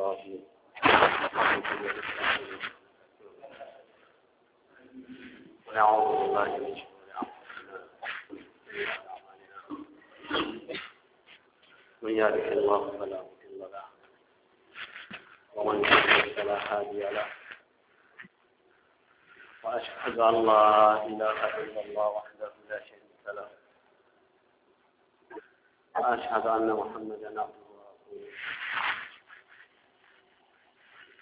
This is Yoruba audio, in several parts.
الله من شرور الله فلا مضل له ومن يضلل فلا هادي له واشهد ان لا اله الا الله وحده لا شريك له واشهد ان محمدا عبده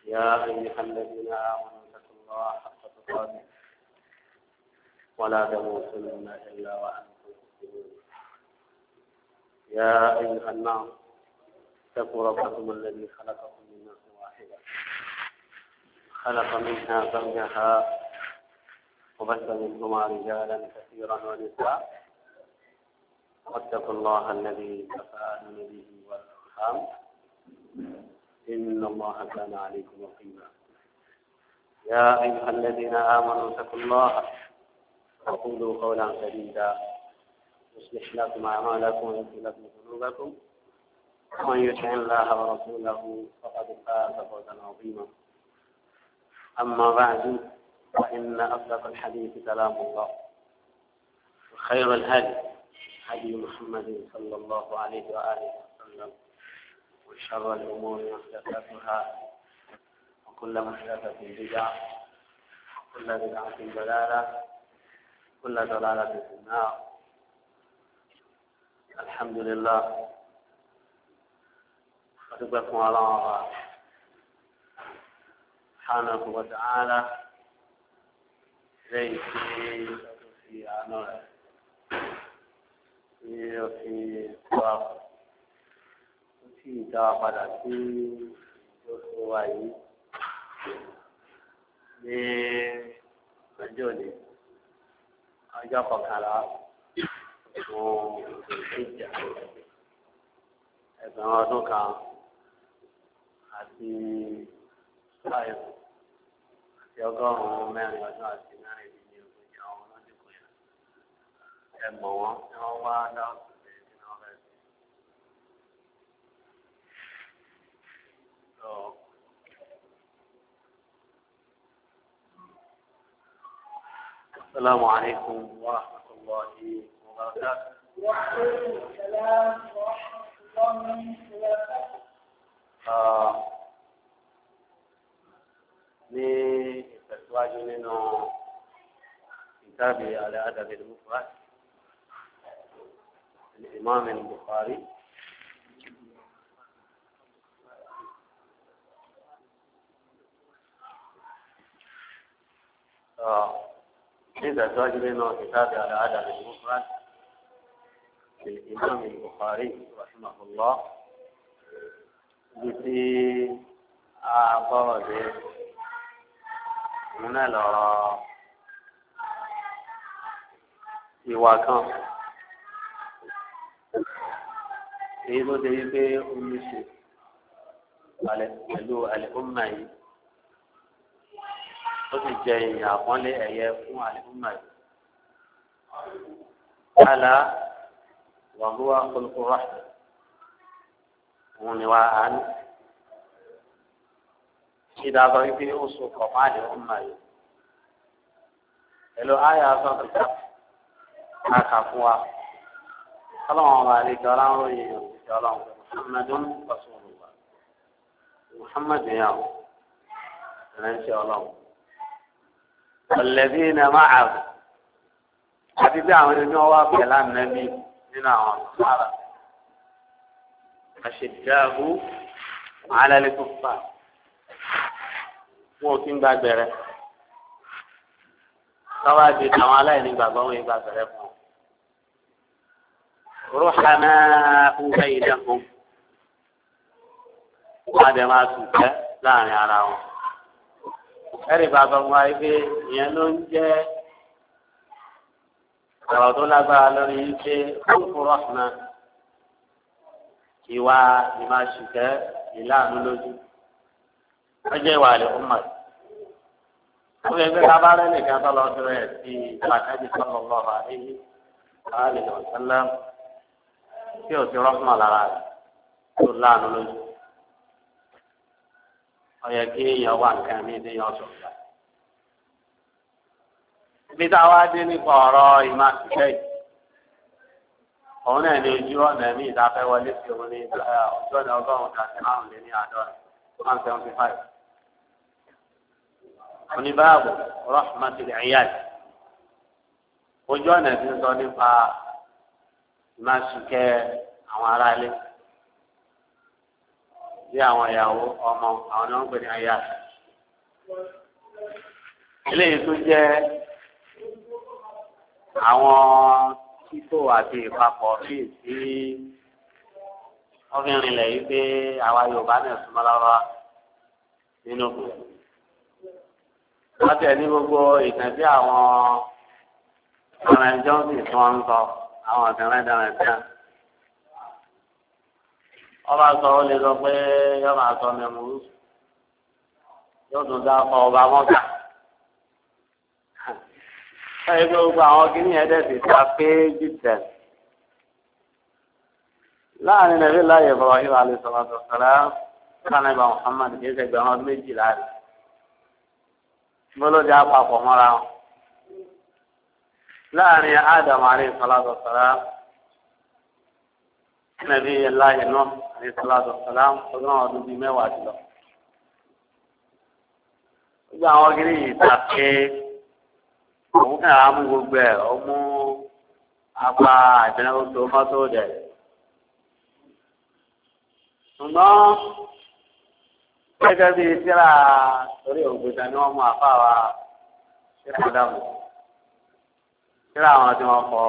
يا أيها الذين آمنوا اتقوا الله حق تقاته ولا تموتن إلا وأنتم مسلمون يا أيها الناس اتقوا ربكم الذي خلقكم من نفس واحدة خلق منها زوجها وبث منهما رجالا كثيرا ونساء واتقوا الله الذي تساءلون به والأرحام إن الله كان عليكم رقيبا يا أيها الذين آمنوا اتقوا الله وقولوا قولا سديدا يصلح لكم أعمالكم ويغفر لكم ذنوبكم ومن يطع الله ورسوله فقد فاز فوزا عظيما أما بعد فإن أصدق الحديث كلام الله وخير الهدي هدي محمد صلى الله عليه وآله وشر الأمور محدثاتها وكل محدثة بدعة وكل بدعة ضلالة كل ضلالة في النار الحمد لله أدبكم على الله سبحانه وتعالى ليس في أمره في في sì dá wa padà sí oṣù wa yìí ní ọjọ́ òní ọjọ́ kọkànlá oṣù ìjà ẹgbẹ̀rún ọdún kan àti five àti ọgọ́rùn-ún mẹ́rin ọdún àti mẹ́rin ìdílé ogójì àwọn ọlọ́dún kò yá ẹ mọ̀ wọ́n ẹ wọ́n wá dáhùn. السلام عليكم ورحمة الله وبركاته وعليكم السلام ورحمة الله وبركاته ní ìtẹ̀síwájú على أدب المفرد الإمام البخاري آه. عند الزاجر كتاب على عدد المفرد للإمام البخاري رحمه الله بسي أعبرد من الأراء إيواكم إيه دو دي بي أمي شي على الأمة ó sì jẹ ìyà àpọ́nlé ẹ̀yẹ fún àlùmọ̀ yìí. Àlá wàhúwà kọlùkọrọ òun ni wà á ní. Ìdàgbà wípé ó so kọ̀mọ́ àlùmọ̀ yìí. Pẹ̀lú àyà sọ̀tìkà kàkà fún wa. Ọlọ́run ọba àlejò ọlọ́run yìí òṣìṣẹ́ ọlọ́run Mùhàmmadùn Rasulullah. Mùhàmmadùn yà wọ̀ ẹ̀rẹ́ ń ṣe ọlọ́run ọ̀lẹ́bí iná máa àbò àti bí àwọn ẹni wọn wá pẹ̀lú ànábì nínú àwọn àbá àṣedáàbò alálẹ́ tó fà wọn ò gba gbẹ̀rẹ̀ tọ́wọ́ àti àwọn aláìní gbàgbọ́ wọn ìgbà gbẹ̀rẹ̀ fún un. رحماء بينهم وهذا ما سوى لا يعلمون ẹ̀rì bàbá wa ibi ìyẹn ló ń jẹ́ ọ̀rọ̀ tó lágbára lórí ife olùkúrọ̀ náà ìwà ìmáṣùkẹ́ ìlànà lójú wọ́n jẹ́ ìwà àlẹ́ ọmọ yìí wọ́n yẹ kí abalẹ̀ nìkan tó lọ sí rẹ̀ sí pàtàkì sọ́kọ̀ lọ́wọ́ àdéhìí àlè ọ̀sán tí ò sí rọ́pọ̀ lára rẹ̀ tó láàánú lójú ọyọ kí èèyàn wà mi ní ọ̀sọ̀ gbà. ibi táwa dé nípa ọ̀rọ̀ ìmọ̀ yìí òun náà ní ojú ọ̀nà ẹ̀mí ìdáfẹ́ wọlé sí òun ní ojú ọ̀nà ọgọ́rùn-ún àti márùn-ún ní àádọ́rin one seventy five. oníbàbò rahmatul iyad ojú ọ̀nà ti ń sọ nípa ìmọ̀ àwọn aráalé bí àwọn ìyàwó ọmọ àwọn ni wọ́n pè ní aya. eléyìí tún jẹ́ àwọn títò àti ìpapọ̀ bíi tí wọ́n fi rìnlẹ̀ yìí pé àwa Yorùbá náà súnmọ́ lára nínú kù. wọ́n tẹ̀ ní gbogbo ìtàn bí àwọn ọ̀rẹ́ jọ́sìn tí wọ́n ń sọ àwọn ọ̀sẹ̀ rẹ̀ dára ọba sọ ọ lè sọ pé yọ máa sọ mẹmúrú yóò tún dá ọkọ ọba mọta báyìí pé gbogbo àwọn kìíní ẹdẹsì ta pé jìtẹ láàrin nàbí láàyè Ibrahim alẹsọlọsọ sọlá sani ibà Muhammad kìí ṣe gbẹ̀rún ọdún méjìlá rẹ gbọlọdẹ àpapọ̀ láàrin Adam alẹsọlọsọ sọlá. Nabi nàbí ẹláyẹ náà àti sọláàtọ sọláàm ọgbọ̀n ọdún bíi mẹ́wàá ti lọ. gbogbo àwọn kiri yìí ta pé òun kàn á mú gbogbo ẹ ọmú apá àtẹnáwó tó mọ́tò dẹ. ṣùgbọ́n gẹ́gẹ́ bíi síra orí ògbèta ni wọ́n mú àfa wa ṣe kó dàbò síra àwọn tí wọ́n kọ́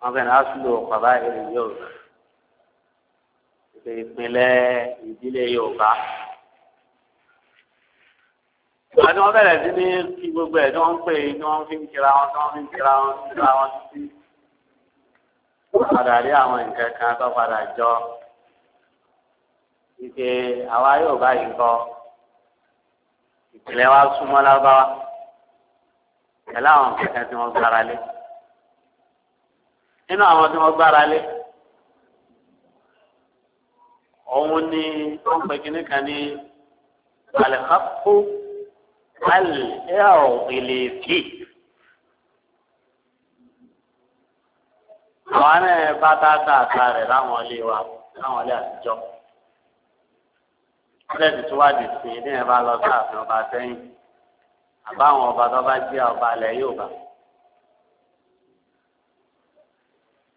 wọn fẹ́ràn á sùn lò pàbá èrè yóò ṣe ìpínlẹ̀ ìdílé Yorùbá. ìgbà tí wọ́n bẹ̀rẹ̀ sí ní kí gbogbo ẹ̀ tí wọ́n ń pè é tí wọ́n fi ń kira wọn tí wọ́n fi ń kira wọn tí kira wọn títí. padà rí àwọn nǹkan kan tó padà jọ ìpè àwa Yorùbá yìí kọ ìpìlẹ̀ wa súnmọ́ lábáwá pẹ̀lú àwọn nǹkan tí wọ́n gbára lé nínú àwọn tí wọ́n gbára lé òun ni ó ń pè kíní kan ní alikapu alẹ́ọ̀gbìlẹ̀fì. àwọn náà bá dáadáa àta rẹ̀ láwọn ilé wa láwọn ilé àtijọ́. ọlẹ́dì tó wà dì sí ilé yẹn bá lọ sáàfin ọba sẹ́yìn àbáwọn ọba tó bá jẹ́ ọba alẹ́ yóò bá.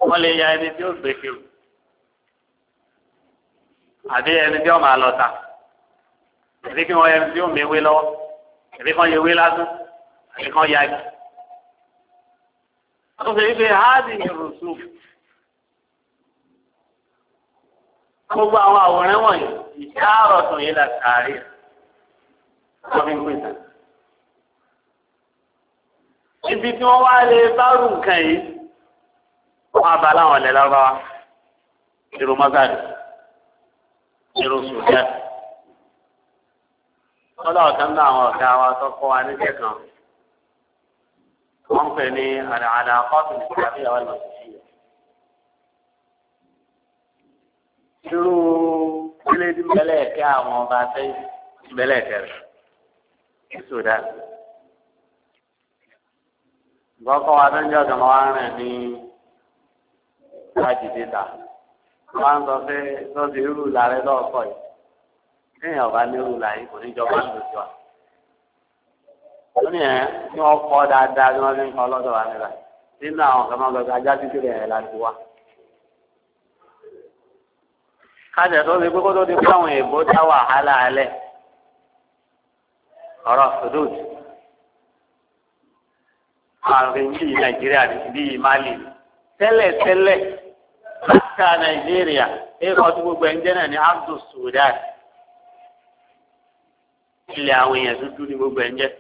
wọ́n lè ya ẹni tí ó gbé kiri àbí ẹni tí wọ́n máa lọ ta àbí kí wọ́n ẹni tí wọ́n mewé lọ́wọ́ àbí kí wọ́n yewé lásán àbí kí wọ́n ya igi. àtúnṣe yìí pé háàdì ìrùsù gbogbo àwọn àwòrán wọ̀nyí ìṣàrọ̀ tó yẹ la sàárè wọ́n fi ń pè tán. ibi tí wọ́n wá lè bá nǹkan yìí wọ́n á láwọn ọ̀lẹ́ lọ́wọ́ irun irú Sudan kọ́lá ọ̀kan náà àwọn ọ̀gá wa tó kọ́ wa níjẹ́ kan wọ́n ń pè ní àdàdà kọ́ọ̀tù tàbí àwọn ìmọ̀síṣẹ́ irú ilé ìdíbẹ̀lẹ̀ ẹ̀kẹ́ àwọn ọba tẹ́ ìdíbẹ̀lẹ̀ ẹ̀kẹ́ rẹ̀ ní Sudan gbọ́kọ́ wa tó ń jọ́ ọ̀gá wa rìn ní wájú dídà wọ́n á sọ pé lọ́sẹ̀ irú làárẹ̀ lọ́ọ̀kọ̀ yìí kéèyàn bá ní irú làárẹ̀ kò ní jọba ń lòsì wa. wọ́n ní ẹ̀ ní wọ́n kọ́ dáadáa ní wọ́n fi ń kọ́ lọ́dọ̀ wa nílà nínú àwọn kan máa lọ sí ajá títí rẹ̀ yẹn láti wá. kájà tó ṣe pé tó ti pé àwọn èèbó dá wàhálà alẹ́ ọ̀rọ̀ sùdúùtù àrùn yìí nàìjíríà bíi Mali tẹ́lẹ̀ tẹ́lẹ̀. Accra Nàìjíríà ẹ̀kọ́ tó gbogbo ẹ̀ńjẹ́ náà ní Abdul Sudan ilẹ̀ àwọn èèyàn dúdú ní gbogbo ẹ̀ńjẹ́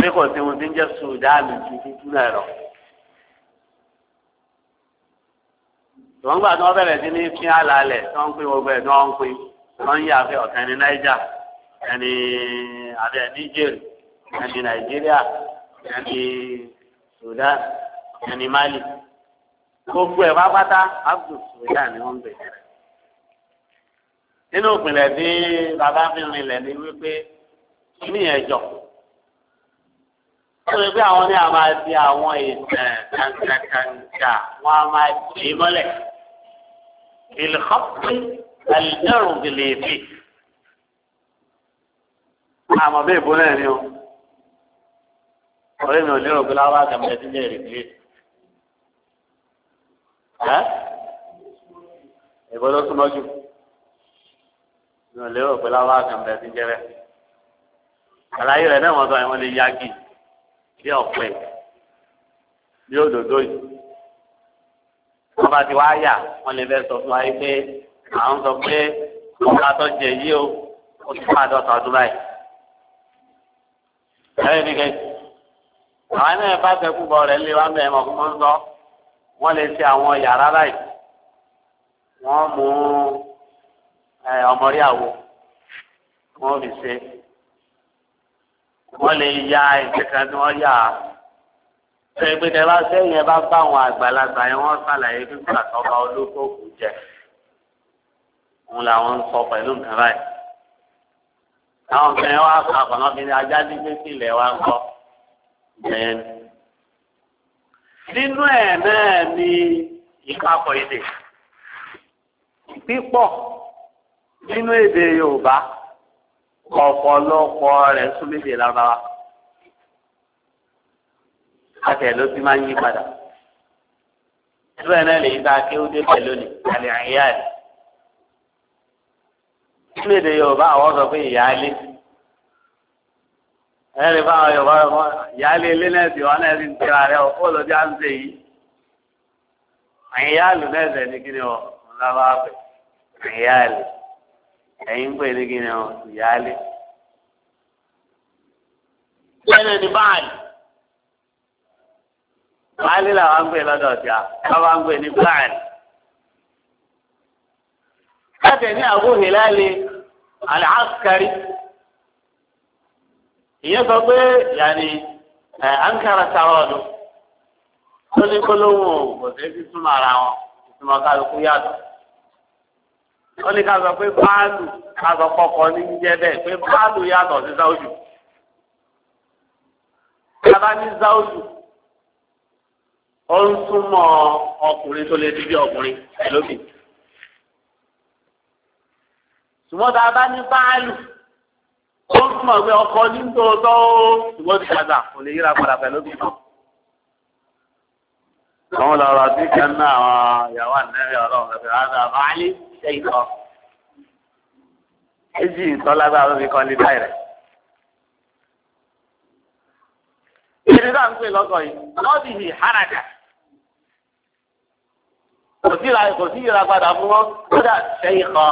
pé kò sí ohun tí ń jẹ́ Sudan ju dúdú náà lọ. tòun gbà tí wọ́n bẹ̀rẹ̀ sí ní fín àlàálẹ̀ tí wọ́n ń pín gbogbo ẹ̀ tí wọ́n ń pín wọ́n yà fẹ́ ọ̀kan ní Niger ẹni àbẹ̀ Niger ẹni Nàìjíríà ẹni Sudan ẹni Mali gbogbo ẹ̀ pápátá abdulsuya ni wọ́n ń bẹ̀. nínú ìpìlẹ̀ tí bàbá fi rinlẹ̀ ni wípé ní ẹ̀jọ̀ ó lè pé àwọn ní a máa di àwọn ìtàn kàǹkàǹkà wọn a máa dì mọ́lẹ̀ ìlúkọ́pì àlùjọ́rù gèlèbì àmọ́ bẹ́ẹ̀ bọ́lá ẹ̀ ni ó ọ̀rẹ́ mi ò lérò pé láwọn àgbà mẹ́tí ní èrè gèlèbì ẹ́ ìbọn ló súnmọ́ jù mi ò lérò pé láwọn àkànbẹ ti ń jẹ bẹ́ẹ̀ àlàyé rẹ̀ náà wọ́n sọ àwọn lè yagi bí ọ̀pẹ bí òdòdó yìí wọ́n bá ti wá yà wọ́n lè fẹ́ sọ fún wa pé à ń sọ pé ọ̀gá tó jẹ yìí o ó ti fún àdọ́ta ọdún báyìí. ẹ̀rẹ́ mi kẹ́ àwọn náà bá fẹ́ kú bọ̀ lé wa mẹ́rin mọ̀ fún mọ́ ń sọ wọ́n lè ṣe àwọn yàrá láì wọ́n mú ọmọrí àwo wọ́n fi ṣe wọ́n lè ya ìkẹkẹ tí wọ́n yà á ṣe pé tẹ bá sẹ́yìn ẹ bá bá àwọn àgbàlagbà yẹn wọ́n ṣàlàyé fífún àtọ́ba olóko kù jẹ òun làwọn ń sọ pẹ̀lú nǹkan báyìí àwọn kan yẹn wá pa àkànná fi ajá dídé sílẹ̀ wá ń kọ́ bẹ́ẹ̀ nínú ẹ̀ náà ni ìpapọ̀ èdè pípọ̀ nínú èdè Yorùbá ọ̀pọ̀lọpọ̀ rẹ̀ súnmẹ́dẹ̀ lábáwá àtẹ̀ ló ti máa ń yí padà irú ẹ̀ náà lèyí tá a kéwú dé pẹ̀lú ni àlè àyà rẹ̀ nínú èdè Yorùbá àwọn sọ pé ìyáálé ẹ̀rì fáwọn yorùbá ọmọ ìyáálé ilé náà ti wọn náà ti ń tẹ́ra rẹ ọ ó lọ sí à ń ṣe yìí ẹ̀yin yáàlù náà ẹ̀sẹ̀ ní kíni ọ ńlábà pẹ̀ ẹ̀yin yáàlù ẹ̀yin pè ní kíni ọ ìyáálé. lẹ́nu ní báàlì báàlì làwọn ń pè lọ́dọ̀ ọ̀sẹ̀ àwọn ń pè ní báàlì. káàtẹ̀ ní àbúhìlá lè ìyẹn sọ pé yàní ẹ ankara sarọọdù tó ní gbólóhùn òbòdè sísúnmọ́ ara wọn ìsúnmọ́ kálukú yàtọ̀ ó ní ká sọ pé báàlù ká sọ kọkọ ní jẹ bẹ́ẹ̀ pé báàlù sí záwùjù kábà ní záwùjù ó ń súnmọ́ ọkùnrin tó lè dídí ọkùnrin a bá ní báàlù. ó ń túmọ̀ pé ọkọ nítòótọ́ ó ṣùgbọ́n ti padà kò lè yíra padà pẹ̀lú bí wọn. àwọn lọ́rọ̀ tí kan náà àwọn ìyàwó ànẹ́rẹ́ ọlọ́run ẹ̀fẹ̀ rárá àwọn alé ṣe ìtọ́. èjì ìtọ́ lágbára lórí kan lè bá rẹ̀. ìdí náà ń pè lọ́kọ̀ yìí lọ́ọ̀dì yìí háràkà. kò sí ìra padà fún wọn kódà ṣe ìkọ́.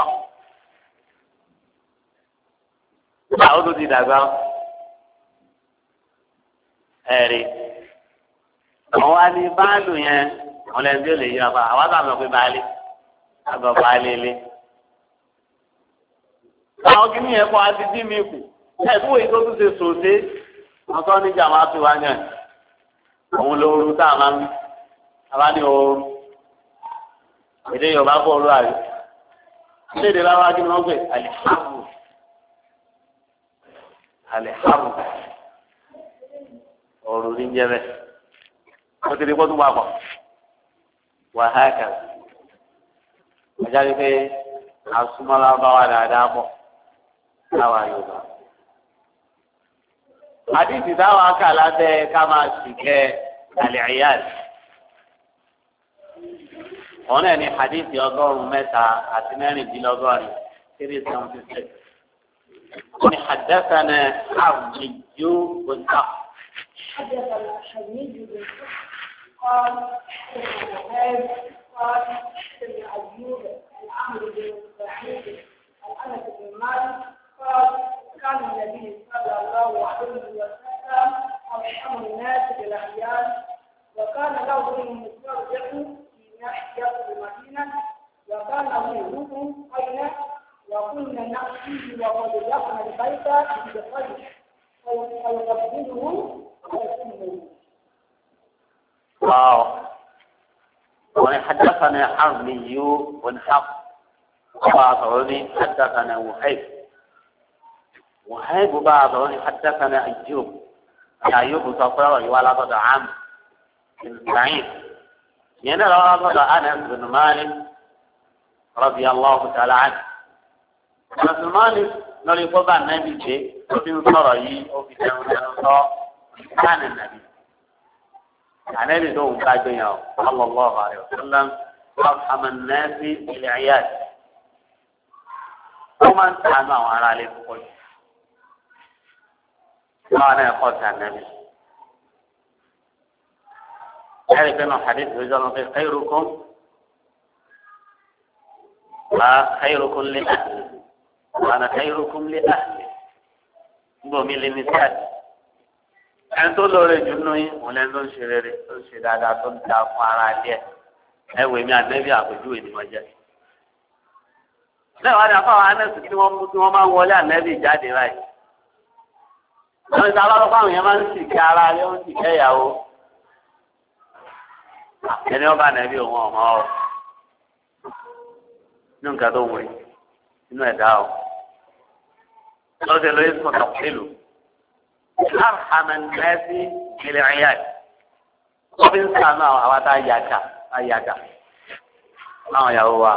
àwọn tó ti dàgbà ẹ̀rí àwọn á ní báàlù yẹn wọn lẹ́nu tí ó lè yí ọba àwọn àgbà mọ̀ pé báàlì àgbà báàlì ilé. àwọn kìíní yẹn kọ́ àti dí mi kù ẹ̀kú èyí tó tún ṣe sòdé wọn sọ ní jàmbá tó wá yàn òun ló rú tá a máa ń abá ní ooru èdè Yorùbá bọ̀ ọ́ lọ́wọ́ àrí lédè láwájú náà gbé àlìfáàbù alihamu ọrùn ní jẹbẹ wọn ti di kótó wà pọ wàhákà ọjà wípé asúmọlá bá wà dáadáa pọ láwa yorùbá àdìsí táwọn akàlà bẹ ká máa sì kẹ àlìyáàlì ọ̀nà ni àdìsí ọgọ́rùn-ún mẹ́ta àti mẹ́rìndínlọ́gọ́rin three seventy six. وحدثنا بن صخر حدثنا الحميد بن قال قال ايوب عن بن العظمي والحق وبعض عوني حدثنا وهيب وهيب بعض عوني حدثنا أيوب أيوب تطرى ولا تدع عم البعيد يعني لا تدع أنس بن مالك رضي الله تعالى عنه أنس بن مالك نري طبعا النبي شيء وفي نصره وفي نصره كان النبي يعني اللي دوم بعد الله عليه وسلم ارحم الناس بالعياد ومن سمع على الكل وانا يقول النبي تعرف انه حديث بيزال في خيركم ما خيركم لأهل وانا خيركم لأهل بومي للنساء أنتو لوري جنوي ولن دون شريري شدادات تافوارا ليه ẹ wò mí àpèjúwe ni wọ́n jẹ́. lẹ́wọ̀n adé afáwọn anẹ́sì tí wọ́n mú tí wọ́n máa wọlé ànẹ́bí jáde báyìí. wọ́n ti sábà lọ́pọ̀ àwọn yẹn máa ń sì kẹ́ ara rẹ̀ wọ́n sì kẹ́ ìyàwó. ẹni ọba ànẹ́bí òun ọ̀mọ́ ọ inú nǹkan tó wọ̀ inú ẹ̀dá ọ lọ́sẹ̀ lóye sọ̀tọ̀ pẹ̀lú. arhaman nẹ́ẹ̀sì kìlẹ̀ ẹ̀yà. wọ́n àwọn àwọn àtàyàkà ayàgà láwọn ìyàwó wa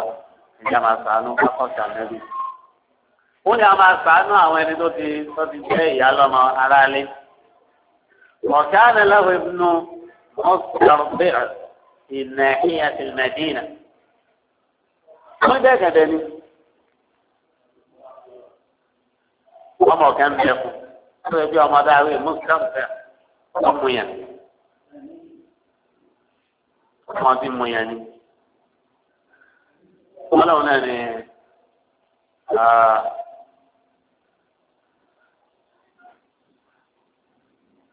ìjà máa sàánú kákọ̀ọ̀sì ànẹ́bí. ó ní a máa sàánú àwọn ẹni tó ti tó ti jẹ́ ìyá lọ́mọ aráalé. ọ̀kẹ́ ànẹ́láwọ̀ ibùnú mọ́sàlùbẹ̀rẹ̀ ìnà ìyá tìlmẹ̀dínà. wọ́n jẹ́ gẹ̀dẹ̀ ni. ọmọ ọ̀kẹ́ ń bẹ ó lè bí ọmọ dáhùn mọ́sàlùbẹ̀rẹ̀ ọmọ yẹn wọn fi mú yẹn ni ọlọ́run náà ni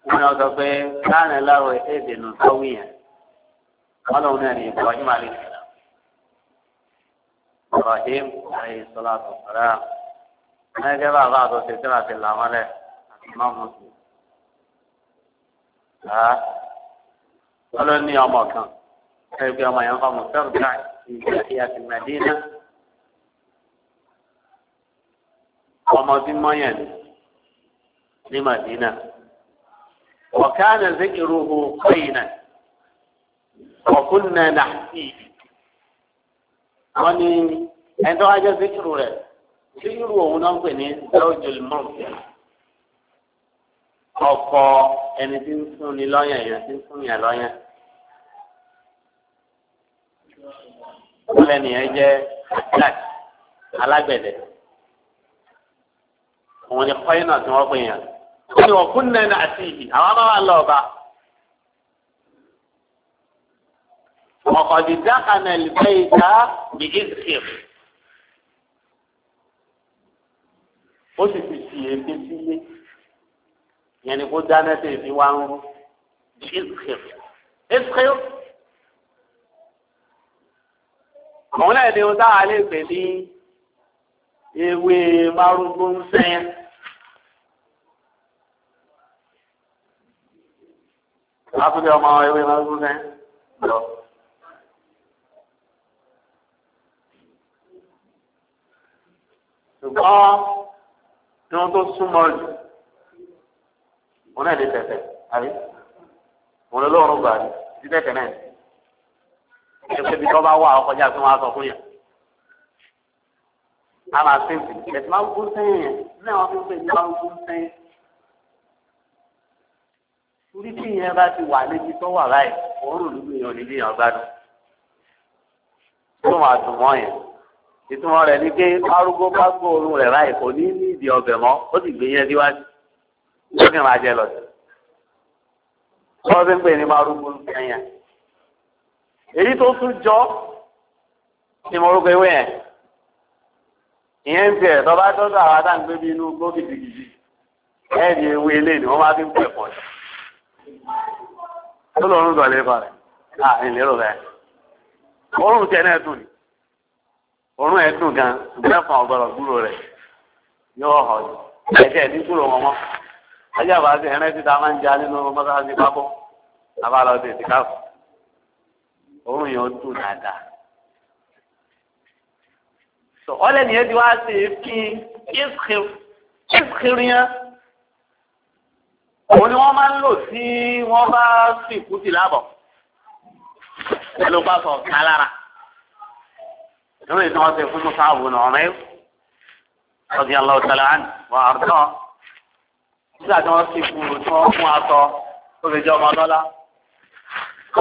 wọn náà sọ pé káàrin láwọ èdè nù sọ́wọ́ yẹn ọlọ́run náà ni Ibrahim alayhi salam Ibrahim alayhi salatu salam wọn gẹ́gẹ́ bá bá àtọ̀ ṣètò àti làwọn lẹ̀ àti máa mú sí. ọlọ́run ní ọmọ kan. يوم ينظم مسترجع في ناحية المدينة وما ومضي ميان لمدينة وكان ذكره قينا وكنا نحكيه وني عند هذا ذكره ذكره هنا نقول زوج المرضى ọkọ ẹni tí ń fún ni lọ́yàn wọn lẹni yẹn jẹ black alágbẹ̀dẹ wọn ni kọyínà tí wọn pè yàn wọn ni wọn kún nẹni àti ìhì àwọn bá wà lọọba wọn kọ di dákànnà ìlúfẹ ìta ní israel ó sì ti fi èdè sílé yẹn ni kó dáná tẹ̀ fi wá ń rú ní israel òun náà ni ohun lè pè ní ewé márùngbó ń fẹ́. Látúndé ọmọ ewé márùngbó ń fẹ́ ṣùgbọ́n ní wọ́n tó súnmọ́ jù òun náà lè tẹ̀tẹ̀ àbí òun lọ́rùn gbà ní títẹ̀tẹ̀ náà ẹgbẹ́ bí tọ́ba wà ọkọjá pé wọ́n á sọ fún yà. a máa ṣe ìsìn ẹ̀sìn máa ń gún sẹ́yìn yẹn ní àwọn tó ń pè ní máa ń gún sẹ́yìn. orí tí ìyẹn bá ti wà níbi tó wà láì òórùn ló gbìyànjú níbi ìyàn gbádùn. tó máa dùn mọ́ yẹn ìtumọ̀ rẹ̀ ni pé arúgbó bá gbóòórùn rẹ̀ láì kò ní ní ìdí ọbẹ̀ mọ́ ó sì gbé yẹn síwájú ó sì máa jẹ lọ sí. wọ́n ti ń pè ní máa rúgbó ń sẹ́yìn èyí tó tún jọ ni mo rò pé wé ìyẹn ń tọ́ba tọ́jú àwọn ẹ̀ẹ́dì ewé ilé ni wọ́n fi ń pè pọ̀ tó lọ́rùn dọ̀lẹ́ fa rẹ̀ à ìlérò rẹ̀ òórùn tiẹ̀ náà dùn ni òórùn ẹ̀ dùn gan ìgbẹ́fọ̀n ọ̀gbọ̀rọ̀ gbúrò rẹ̀ yóò ẹ̀jẹ̀ ní gbúrò wọn mọ́ ajá ti ẹ̀rẹ́ ti ta máa òun yẹn dùn dáadáa. sọ ọlẹ́ nìyẹn ti wá sí fi ìsìkiri òun ni wọ́n máa ń lò sí wọ́n bá fi ìkúsì lábọ̀ pẹ̀lú bá sọ ọ̀ká lára lórí tí wọ́n ti fún musa abu na ọmọ yìí ọdí aláwọ tẹlẹ án wà á tọ nígbà tí wọ́n ti fún un tí wọ́n fún aṣọ tó fi jẹ ọmọ lọ́lá tó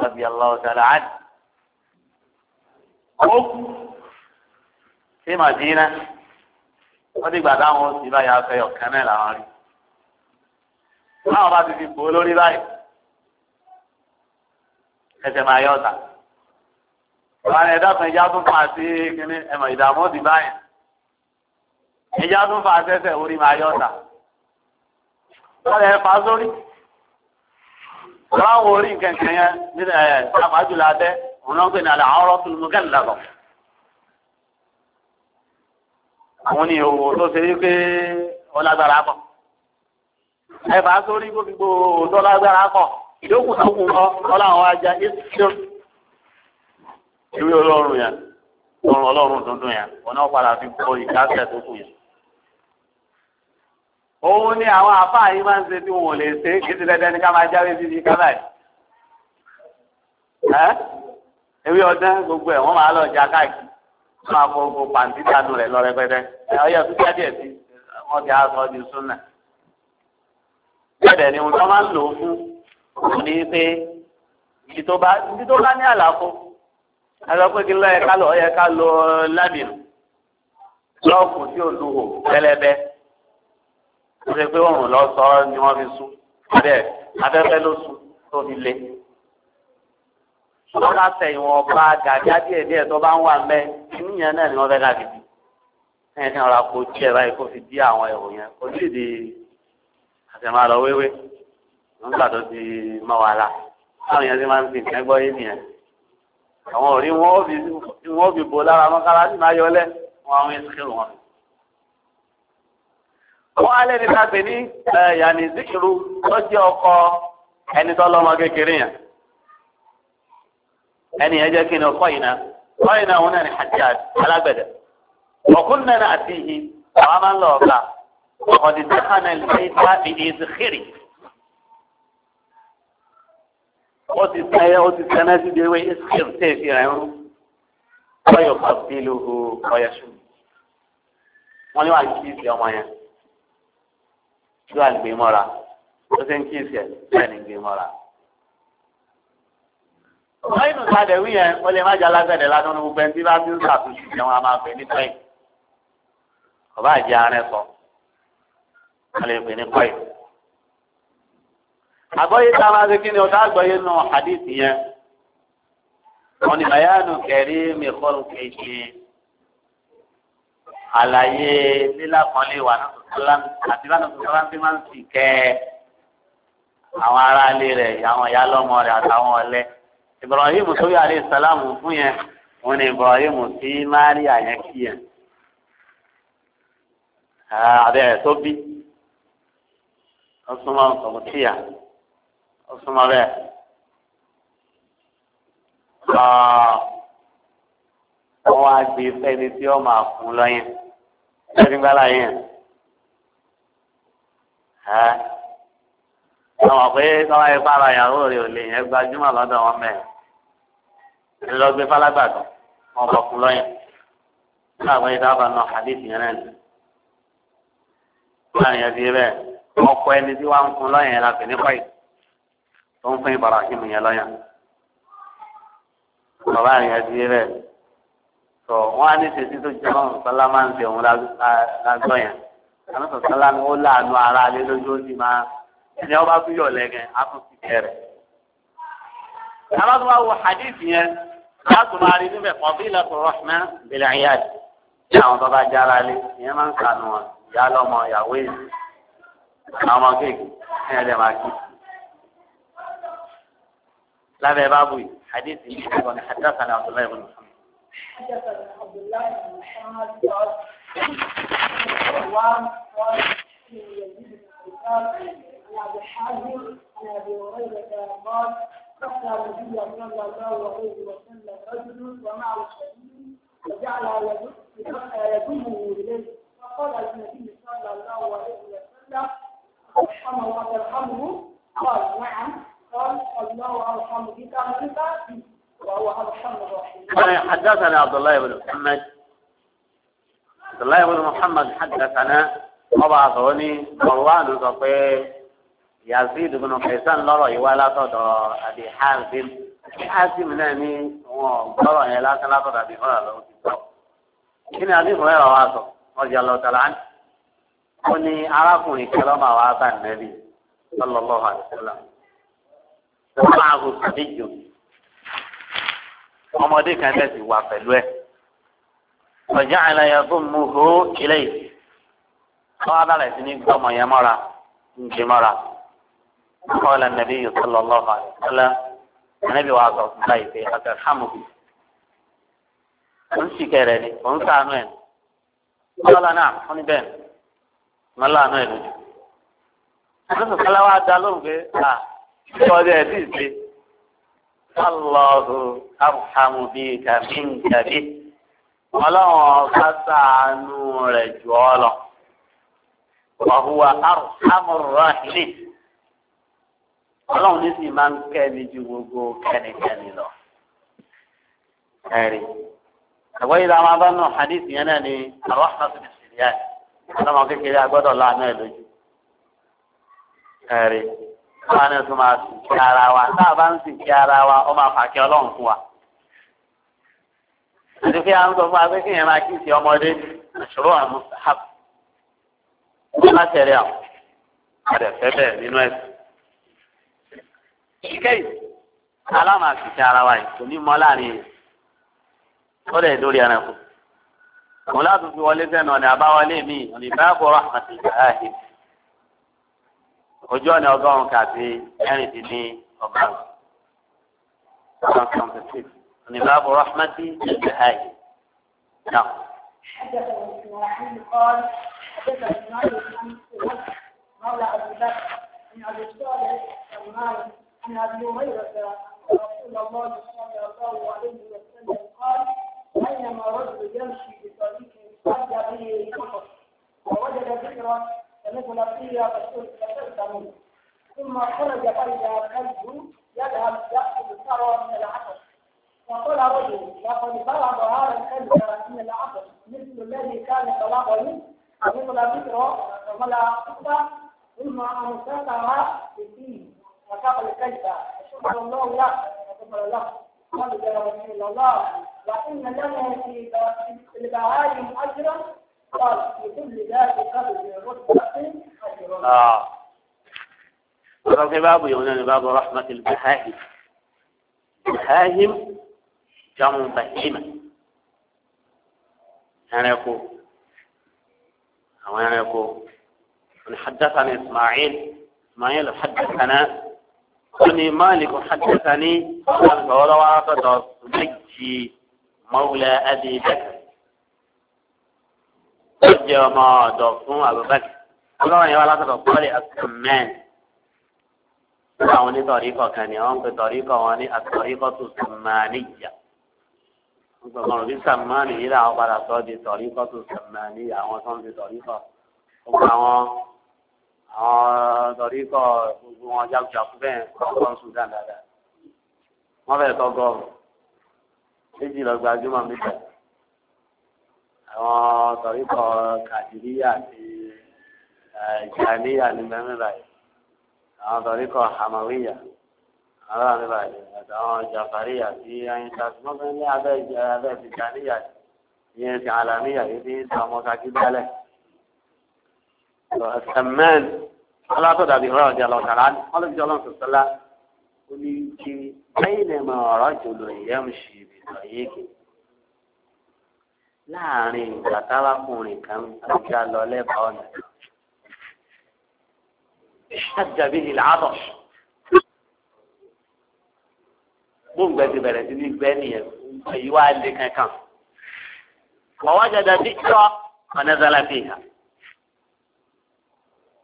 rabi allah ta'ala an ó sí madina wọ́n ti gbàdá àwọn oṣù báyà fẹ́ ọ̀kan náà làwọn rí báwọn bá ti fi bò lórí báyìí ẹsẹ̀ máa yọ ọ̀tà wọn ẹ̀dá kan ẹja tún fà sí kínní ẹ̀mọ̀ ìdààmú ti báyìí ẹja tún fà sẹ́sẹ̀ orí máa yọ ọ̀tà wọ́n lè fà sórí láwọn orí nǹkan kan yẹn ní ẹ àpájùlọ abẹ òun náà ń pè ní àlà àwọn ọ̀rọ̀ tuntun kẹ́lẹ́ lọ́kọ̀. àwọn ni òwò tó ṣe wípé ọlágbára kọ ẹ bá sórí gbogbo tó lágbára kọ ìdókùn tó kù kọ ọláwọn ajá ìṣó ìwé ọlọ́run yẹn ọlọ́run tuntun yẹn òun náà padà fi kọ ìdásẹ̀ tó kù yẹn. òun ni àwọn àfáà yìí máa ń ṣe tí wọn ò lè ṣe kí ti dandan ní ká máa jáwé bíbí kábà ewé ọdún gbogbo ẹ wọn máa lọ káàkiri wọn máa pàǹtí dànù rẹ lọ rẹpẹtẹ ọyọ tó já sí wọn ti aṣọ di súnà bẹ́ẹ̀ ni wọn máa ń lò ó fún ní pé ibi tó bá ní àlàfo pé kí ká lọ ká lọ lábìrì tí ò lù ó pé òun lọ sọ ọ ni wọn fi sùn abẹ afẹ́fẹ́ ló sùn tó fi lé wọn bá tẹ ìwọn ọba gàdá díẹ̀ díẹ̀ tó bá ń wà mẹ inú náà ni wọn fẹ́ ká fi di ẹni ọ̀rọ̀ àpò tiẹ̀ báyìí kó fi di àwọn ẹ̀wò yẹn kò ìdí àtẹ̀mọ́lọ wéwé nígbà tó ti mọ wàhálà báwọn yẹn ti máa ń fi nǹkan gbọ́ yín nìyẹn àwọn òrí wọn ó fi bo lára mọ́kálá sí máa yọ lẹ́ wọn àwọn ẹ̀sìn kí wọn fi. wọ́n á lẹ́ni tá alẹ́ ní tó jẹ́ ọkọ ẹni ní ẹ̀yà ni zikiru to yìí náà ọkọ ẹjẹ́ ki náà wọn náà ní hajjad alágbẹ̀dẹ ọkùn náà náà ti yí àwọn máa ń lọ ọ̀gá ọ̀dì dáhànà lè bá ìdí zikiri ó ti sẹ́yẹ ó ti sẹ́yẹ sí ìdíwé zikiri tẹ̀ fi rẹ̀ ń ọyọ̀ pàbílù ọyọ̀ ṣùgbọ́n wọ́n ní wàá kí ìsì ọmọ yẹn. tí wàá gbé mọ́ra ó ṣe ń kí ìṣẹ̀ bẹ́ẹ̀ ni gbé mọ́ra. wọ́n inú sáré wí yẹn wọ́n lè má jẹ́ alágbẹ̀dẹ ládùn ní gbogbo ẹni tí bá ti ń ṣàtúnṣe ìjẹun a máa pè ní tọ́yì. ọba àjẹ arẹ sọ wọ́n lè pè ní kọ́yì. àgbọ̀yé tá a máa ṣe kí ni ọ̀dọ́ àgbọ̀yé nù hadith yẹn. wọ́n ní bayanu kẹrí mi kọ́ àlàyé lílàkọ́lé wà àti bá nàìjíríà sọ́lá ti máa ń sì kẹ́ àwọn aráalé rẹ̀ àwọn ìyá lọ́mọ rẹ̀ àtàwọn ọ̀lẹ́ Ibrahim sórí àlẹ́ ìsàlámù fún yẹn òun ni Ibrahim sí Maria yẹn kí yẹn àbẹ̀rẹ̀ ah, tó bí ọsùnmọ́ ọ̀mùtíyà ọsùnmọ́ bẹ́ẹ̀. Ah gbé fẹ́ni tí ó máa fún lọ́yìn ẹni gbára yẹn ẹ àwọn pé káwọn ẹ bára ìyàwó rẹ ò lè yẹn gbajúmọ̀ lọ́dọ̀ wọn mẹ ẹ lọ gbé falágbàdo wọn bọ fún lọ́yìn nígbà pé dábàá náà hadith yẹn náà ni wọn yẹn fi bẹ́ẹ̀ ọkọ ẹni tí wọn fún lọ́yìn la fi ní kọyì tó ń fún Ibrahim yẹn lọ́yìn bàbá yẹn fi bẹ́ẹ̀ tọ wọn á ní sèṣin tó jẹ ọlọ́run sọlá máa ń fi òun lágbọ yẹn àmọsọ sọlá ni ó láàánú ara lé lójú ó sì máa ẹni ọba tó yọ lẹgẹ á tún ti bẹ̀rẹ̀. àbátúmọ̀ wo hadith yẹn láti máa rí níbẹ̀ kọ́bí lẹ́kọ̀ọ́ rọ́ṣmẹ́ bẹ̀rẹ̀ àyàdì tí àwọn tó bá jára lé ìyẹn máa ń sànù wọn ìyá lọ́mọ ìyàwó èyí àwọn ọmọ kéèkì ẹ̀yìn ẹ̀dẹ̀ máa kí. lábẹ́ báàbù yìí hadith yìí حدث من عبد الله بن محمد قال روان قال يزيد بن عن ابي عن ابي هريره قال قتل النبي صلى الله عليه وسلم رجل ومعه شديد وجعل يدمه اليه فقال النبي صلى الله عليه وسلم ارحمه وترحمه قال نعم قال الله ارحم بك منك حدثنا عبد الله بن محمد عبد الله بن محمد حدثنا ọba àtọ̀wọ́ni ọ̀rọ̀wánu sọ pé yazid bin kaisan lọ́rọ̀ yìí wá látọ̀dọ̀ àbí hazim hazim náà ní wọn gbọ́rọ̀ yẹn lásán látọ̀dọ̀ àbí fọ́nà lọ́wọ́ ti sọ. kí ni àbí ìfọ̀rẹ́ wa sọ ọjà lọ tàlà án ó ní arákùnrin kẹlọ́mà wa bá nẹ́bí sallallahu alaihi wasallam. sọ́kà àgùntàn níjọ́. ọmọdé kan tẹ̀sí wà pẹ̀lú ẹ̀ ọjà àlàyé tó mú hó ilé yìí wọ́n sí ní gbọ́mọ yẹn mọ́ra ń mọ́ra kọ́lá nàbí yìí sọ́lọ́ lọ́fà kọ́lá nàbí wàá sọ fún báyìí pé àgbà hàmùbí ń sì kẹrẹ ni òun ẹ̀ náà bẹ́ẹ̀ ẹ̀ lójú. wa lóhùn pé à ẹ̀ sì Allahu arhamu bika minka bi. Ọlọ́run ọba ṣàánú rẹ̀ jù ọ́ lọ. Wa huwa arhamur rahimin. Ọlọ́run ní sì máa ń kẹ́ni ju gbogbo kẹ́nikẹ́ni lọ. Ẹ̀rí. Àgbọ̀ yìí làwọn abá náà hadith yẹn náà ni àwọn àfàṣẹ́ ìṣẹ̀lẹ̀ kékeré agbọ́dọ̀ láàánú ẹ̀ lójú. Ẹ̀rí. káwa náà tó máa sùn kí ara wa tá a bá ń sìn kí ara wa ọ máa fà kí ọlọ́run fún wa. àti Akwụkwọ à ń sọ fún wa pé kí yẹn máa kí ọmọdé àmú tẹ̀lé àwọn wa yìí kò ní mọ́ láàrin yìí ó lórí òun láti fi wọlé sẹ́nu ọ̀nà àbáwọlé mi ọ̀nà ojú ọ̀nà ọgọ́rùn-ún kàti ẹ̀rìn ti ní ọgọ́rùn-ún. One seventy six. Ní báàbò Rahmati ẹ̀jẹ̀ Háyì. Náà. مولى أبي بكر بن أبي صالح المالي عن أبي هريرة رسول الله صلى الله عليه وسلم قال أينما رجل يمشي بطريق قد به الكفر ووجد ذكرا فنزل فيها فتلتموا ثم خرج فإذا كلب يذهب يأخذ ثروة من العسل فقال رجل لقد بلغ هذا الكلب من العسل مثل الذي كان طلبه ومثل ذكره ولا قطة ثم أمسكها بالدين فقال الكلب شكر الله لك وشكر له قال يا رسول الله وإن لنا في البهائم أجرا قال آه. في كل ذلك للمتقين آه باب يعني باب رحمة البهائم البهائم جمع بهيمة أنا يقول أو أنا يقول حدثني إسماعيل إسماعيل حدثنا أني مالك حدثني قال فولو عطت مجي مولى أبي بكر ó jẹ ọmọ ọ̀dọ̀ fún Abubakar ọlọ́run yẹn wá látọ̀dọ̀ pọ́lì asùnmẹ́n fún àwọn onítọ̀ríkọ̀ kan ni wọ́n ń pe tọ̀ríkọ̀ wọn ní àtọ̀ríkọ̀ tó sàmánìyà gbọ̀ngàn òbí sàmánì yìí làwọn padà sọ di tọ̀ríkọ̀ tó sàmánì àwọn tó ń di tọ̀ríkọ̀ gbogbo àwọn àwọn tọ̀ríkọ̀ gbogbo wọn jákujáku bẹ́ẹ̀ kọ́ ń sùn dáadáa wọ́n fẹ́ẹ́ tọ́ gọ́ọ̀rù méjì lọ àwọn tọ̀ríkọ̀ kàdìríyà àti ìjàlíyà ní mẹ́rin báyìí àwọn tọ̀ríkọ̀ hamawiya àwọn àmì báyìí àtàwọn jàfàríyà àti ayinṣà tí wọ́n fẹ́ ní abẹ́ abẹ́ ìjàlíyà ìyẹn ti àlàmíyà yìí ti ń ta ọmọ kakí dálẹ̀. sẹ̀mẹ́ẹ̀lì alátọ̀dà bíi ọ̀rọ̀ ọ̀jà lọ́kàrá wọ́n lè fi ọlọ́run sọ̀tọ́lá ó ní kí lẹ́yìn lè mọ ọ̀rọ̀ jòlò ìyẹ́mùsì ìbìtọ̀ yìí láàrin ìgbà táwákùnrin kan kọjá lọ lẹ́bàá ọ̀nà ṣàjàbí ìlàbọ̀ gbóngbẹ ti bẹ̀rẹ̀ sí ní gbẹ́ nìyẹn èyí wá lé kankan wàá jẹjẹ bí tọ́ ọ̀nẹ́sẹ̀lá fi hà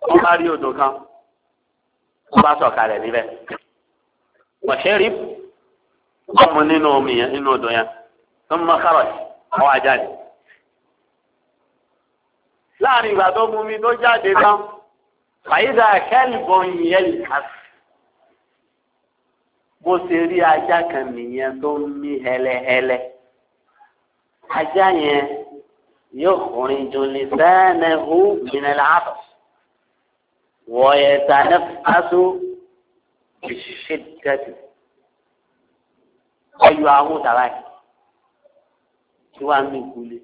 wọ́n bá rí odò kan wọ́n bá sọ̀kalẹ̀ níbẹ̀ wọ́n ṣe rí ọmọ nínú omi yẹn nínú odò yẹn tó ń mọ́ kárọ̀tì ọwọ́ ajáde. láàrin ìgbà tó mú mi tó jáde tán fàyídà kẹ́lìbọn yẹn kàsì bó ṣe rí ajá kan nìyẹn tó ń mí hẹlẹhẹlẹ ajá yẹn yóò kùnrin jùlẹ sẹ́ẹ̀nẹ̀ hù gbìnrin làátọ̀ wọ̀ọ̀yẹ̀ tàní aṣọ ìṣiṣẹ́ dẹ́tì ọyọ àwọn tàbá tí wàá ní ìkúlé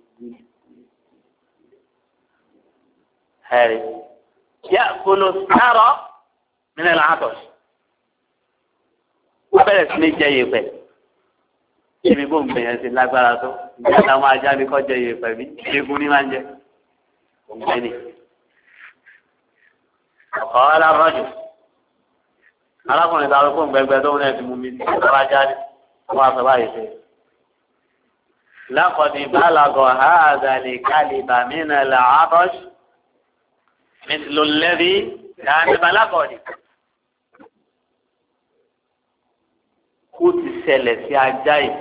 ẹrí yá kolo sárọ nílẹ̀ làátọ̀ wọ́n bẹ̀rẹ̀ sí ní jẹ yèèpẹ̀ ibi bó ń bẹ̀yẹ̀ sí lágbára tó ìjà táwọn ajá mi kọ́ jẹ yèèpẹ̀ mi egun ní máa ń jẹ òǹgbẹ́ ni ọ̀kọ́ alárọ́jù alákùnrin tàbí kó ń gbẹgbẹ tó ń rẹ̀ ti mú mi ní ìjọba ajá ni wọ́n á sọ báyìí fẹ́ẹ́. لقد بلغ هذا الكلب من العطش مثل الذي كان بلغني kó ti ṣẹlẹ̀ sí ajá yìí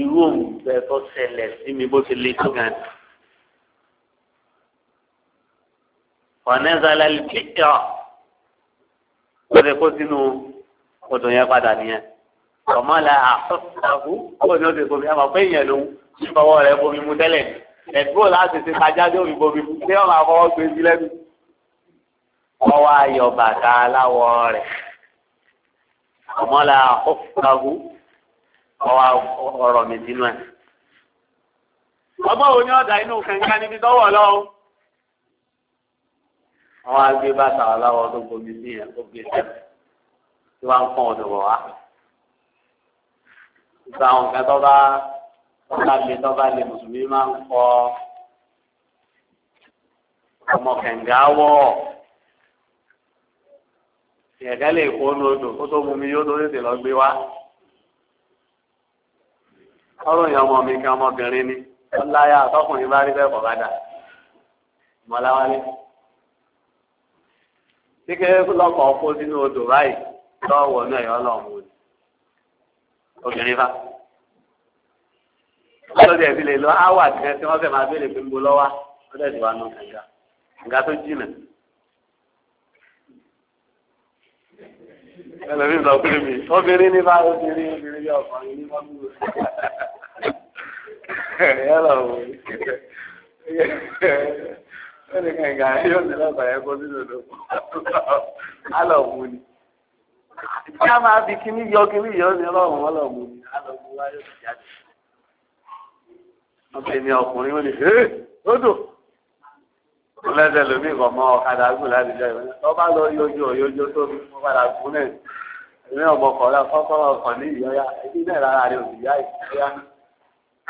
irú òun fẹ́ tó ṣẹlẹ̀ sí mi bó ti lé tó gan. ọ̀nẹ́sàlẹ̀ lè pè é ọ́ lọ́dẹ kó sínú odò yẹn padà nìyẹn ọmọlá àkọsọ̀kù kó ní oṣù bomi àmọ̀ pé ìyẹn lòun ní fọwọ́ rẹ̀ bomi mu tẹ́lẹ̀ ẹ̀dúró láti ṣe kájá tó fi bomi mu tí wọ́n máa fọwọ́ gbé sí lẹ́nu. wọ́n wá yọ bàtà aláwọ̀ rẹ̀ ọmọlá àkọsọ̀kù ọwọ́ ọ̀rọ̀ mi sínú ẹ̀. ọgbọ́n wo ni ọ̀dà inú kankan níbi tọ́wọ̀ lọ́wọ́ wọ́n á gbé bàtà aláwọ̀ tó bomi sí yẹn ó gbé sẹ́nu sọ àwọn nǹkan tó bá tọ́ba lè tọ́ba lè mùsùlùmí máa ń kọ ọmọ kẹ̀ǹgà wọ̀ ìyẹ̀kẹ́ lè kó nu odò kó tó mu mi yóò tó tètè lọ gbé wá. ọ̀rọ̀ yẹn ọmọ mi kan ọmọbìnrin ni ọláyà àtọkùnrin bá rí bẹ́ẹ̀ kọ́ bá dà mọ́láwálé. kíkẹ́ lọ́kọ̀ ọkọ̀ sínú odò báyìí lọ́wọ́ náà yọ ọ́ lọ́wọ́ ni obìnrin fa lọ́dọ̀ ẹ̀ fi lè lọ áwà kan tí wọ́n fẹ́ máa béèrè pé ń bo lọ́wọ́ lọ́dọ̀ ẹ̀ ti nù kànga kànga tó jìnà. ẹlẹ́mi sọ pé mi obìnrin ní bá obìnrin obìnrin yọ ọkùnrin ní wọ́n mú ẹ lọ wò ó ní kànga yóò ní lọ́sàn-án yẹn kó sínú lóko á lọ wù ni kí máa fi kíní yọ kíní yọ ní ọlọ́run ọlọ́run ní alọ́gbọ́n wáyé ti jáde. ni ṣe é lódò. lẹ́sẹ̀ lómi kọ̀ mọ́ ọ̀kadà gùn láti jẹ́ ìwé tó bá lọ yọjú ọ̀yọ́jọ́ tó fi mọ́ padà gùn náà. èmi ọ̀bọ kọ̀ọ̀lá kọ́kọ́ ọkọ̀ ní ìyọ́yá ẹbí náà lára rẹ̀ òbí yá ìyá.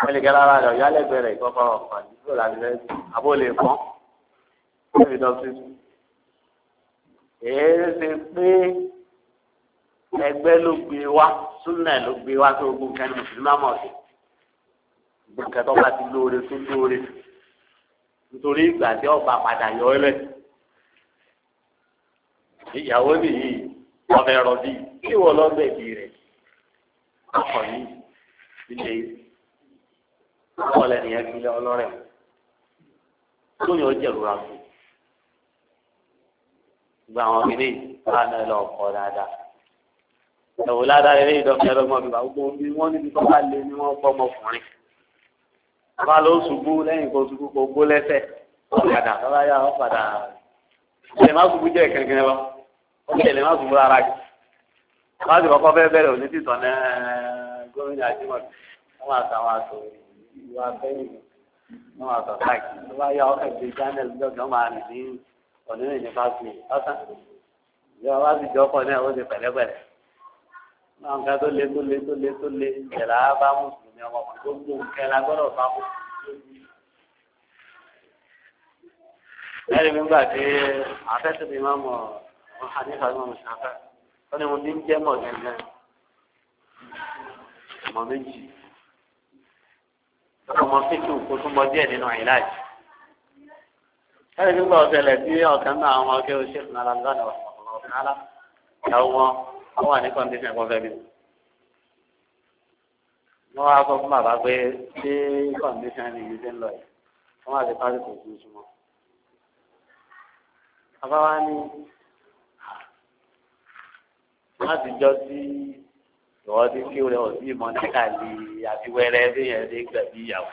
ẹnìkẹ́ lára rẹ̀ ọ̀yá lẹ́gbẹ̀ẹ́ rẹ̀ kọ́kọ́ ọkọ̀ nígbò láti lẹ́sìn abó lè pọ́n. ó ṣe pé ẹgbẹ́ ló gbé wá súnà ló gbé wá tó gbogbo nǹkan ní mùsùlùmí àmọ́ ọ̀sẹ̀ gbogbo nǹkan tó bá ti lóore tó lóore nítorí ìgbà tí ọba padà yọ ẹ lẹ ìyàwó nìyí ọbẹ rọbì kí wọn lọ bẹbí rẹ ọkọ yìí ilé ọkọ lẹnìyẹn fi lé ọlọrẹ tó yọ jẹrùra fún gbogbo àwọn kìnnìún bá ń lọ ọkọ dáadáa ẹ̀wò ládàá ilé ìdọ́fẹ́ ọlọ́gbọ́n mi bá gbogbo bí wọ́n níbi tó bá lé ni wọ́n fọ́ ọmọkùnrin bá ló ṣubú lẹ́yìn kó ṣubú kó gbó lẹ́sẹ̀ padà bàbá yà wọ́n padà ìṣẹ̀lẹ̀ má ṣubú jẹ́ kankan lọ ìṣẹ̀lẹ̀ má ṣubú rárá jù bá ti kọ́kọ́ fẹ́ bẹ̀rẹ̀ òní títọ̀ náà gómìnà àjímọ̀bí wọ́n máa tàwọn àtò ìwà fẹ́yìn wọ́n máa tọ̀ káàkiri bàbá yà wọ́n kàn gbé channel lọ́gàn máa rìn ní ọ̀nà ìyẹn bá fi ọ̀sán ìjọba ti jọ́ pọ̀ náà ó ti pẹ̀lẹ́pẹ̀lẹ́ náà nǹkan tó le tó le tó le tó le ìṣẹ̀lá bá mùsùlùmí ọmọ gbogbo nǹkan la gbọ́dọ̀ bá mú. lẹ́yìn nígbà tí afẹ́sẹ̀bí máa mọ̀ ọ́n hanifa ní ọmọ ṣáfẹ́ ó ní wọn ní ń jẹ́ mọ̀ gẹ́gẹ́ mọ̀ méjì ọmọ fíkì òkú tún bọ díẹ̀ nínú àìláàjì lẹ́yìn nígbà ọ̀sẹ̀lẹ̀ tí ọ̀kan náà àwọn ọkẹ́ òṣèlú náà lọ́nà ọ̀sán ọ̀sán náà yà wọ́n wọ́n wà ní kọ́ndíṣàn kan fẹ́ bí. wọ́n wá sọ fún bàbá pé ṣé kọ́ndíṣàn ni yìí ṣe ń lọ yìí wọ́n wá sí pásítọ̀ tó súnmọ́. bàbá wa ní láti jọ sí ìwọ tí kí o rẹ ò sí ìmọ̀ níkà ní àti wẹ́rẹ́ bí yẹn gbẹ̀bí ìyàwó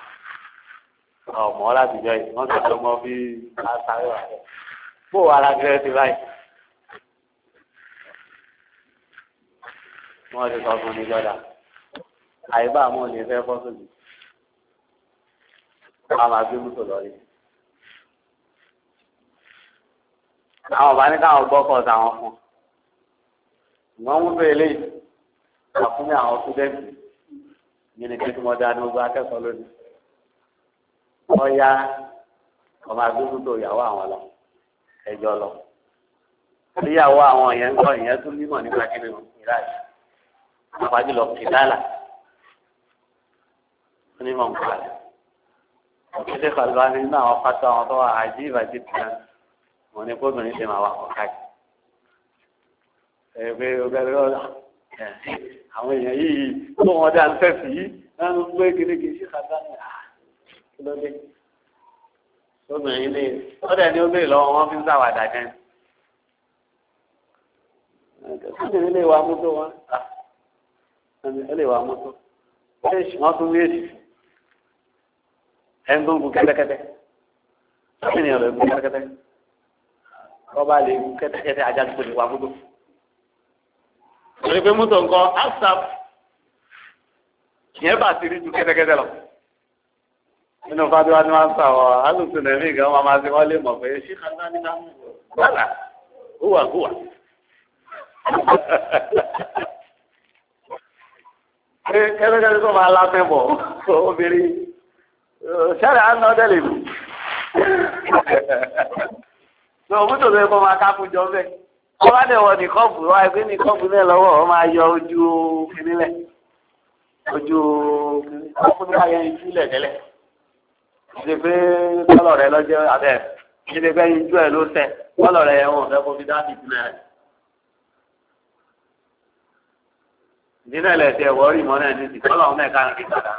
ọmọ láti jọ yìí wọ́n sọ fún ọmọ bíi lásán rẹ̀ bó ara gẹ́rẹ́ ti báyìí. wọ́n ti sọ fún ní lọ́dà àyíbá àwọn ò ní fẹ́ bọ́ sódì àwọn máa gbé mọ́tò lọ rí. àwọn ọba ní káwọn gbọ́kọ̀ táwọn fún wọ́n mú bẹ́ẹ̀ lẹ́yìn àfúnni àwọn fúdẹ́ǹtì yìí ni kí wọ́n dá ní gbogbo akẹ́kọ̀ọ́ lónìí wọ́n yá ọmọ agbóhùn tó yàwó àwọn lọ ẹjọ́ lọ. ìyàwó àwọn yẹn ń kọ́ ìyẹn tún nímọ̀ nípa kí ni àfàjù lọ kìdálà onímọ̀ nǹkan rẹ̀ òkèlè pàlùbá ní nínú àwọn pátá àwọn tó wà àjí ìbàjẹ́ kan wọn eh, eh, ni gómìnà ṣe máa wà kọ́ káàkiri ẹgbẹ́ ọgbẹ́rẹ́ ọ̀la àwọn èèyàn yìí tó wọn dá fẹ́fì yìí lánàá ń gbé kékeré sí kàdánù lóde gómìnà ilé ọ̀dẹ̀ ni ó béèrè lọ́wọ́ wọn fi ń sàwádà kan gómìnà ilé wa mú tó wọn ẹ lè wà mọ́tò ṣé ìṣùnà tún wéèdì ẹ̀ ń gbóngun kẹ́tẹ́kẹ́tẹ́ ènìyàn lè gbóngun kẹ́tẹ́kẹ́tẹ́ ọba lè gbóngun kẹ́tẹ́kẹ́tẹ́ ajá tó lè wà mọ́tò. òní pé mọ́tò nǹkan asap ìyẹn bá ti rí ju kẹ́tẹ́kẹ́tẹ́ lọ. nínú fàdúrà ni wọ́n ń sà wọ́n alùpùpù nàìjíríà gan wọn máa ṣe wọ́n lè mọ̀ pé ṣé kàdá ní kẹ́lẹ́kẹ́lẹ́ tó máa láfẹ́ bọ̀ obìnrin ṣẹ́rẹ̀ á ná dẹ́lẹ̀ lù. Sọ mọ́tò bẹ́ẹ̀ kọ́ máa kákun jọ bẹ́ẹ̀. Ọba dẹ̀ wọ ní kọ́ọ̀bù wá ẹgbẹ́ ní kọ́ọ̀bù náà lọ́wọ́ ọ máa yọ ojú kìnìlẹ̀. Ojú kọ́ọ̀bù náà yẹ ijú lẹ̀ tẹ́lẹ̀. Ṣé pé kọ́lọ̀ rẹ lọ́jọ́ abẹ́ ṣe lè fẹ́ ijú ẹ̀ ló tẹ̀ kọ́lọ̀ rẹ yẹn wọ̀n fẹ́ kó fi dá ìdínà ẹlẹ́sẹ̀ wọ́ọ̀rì mọ́ náà ní ìsìn ọlọ́run mẹ́ka ń rí padà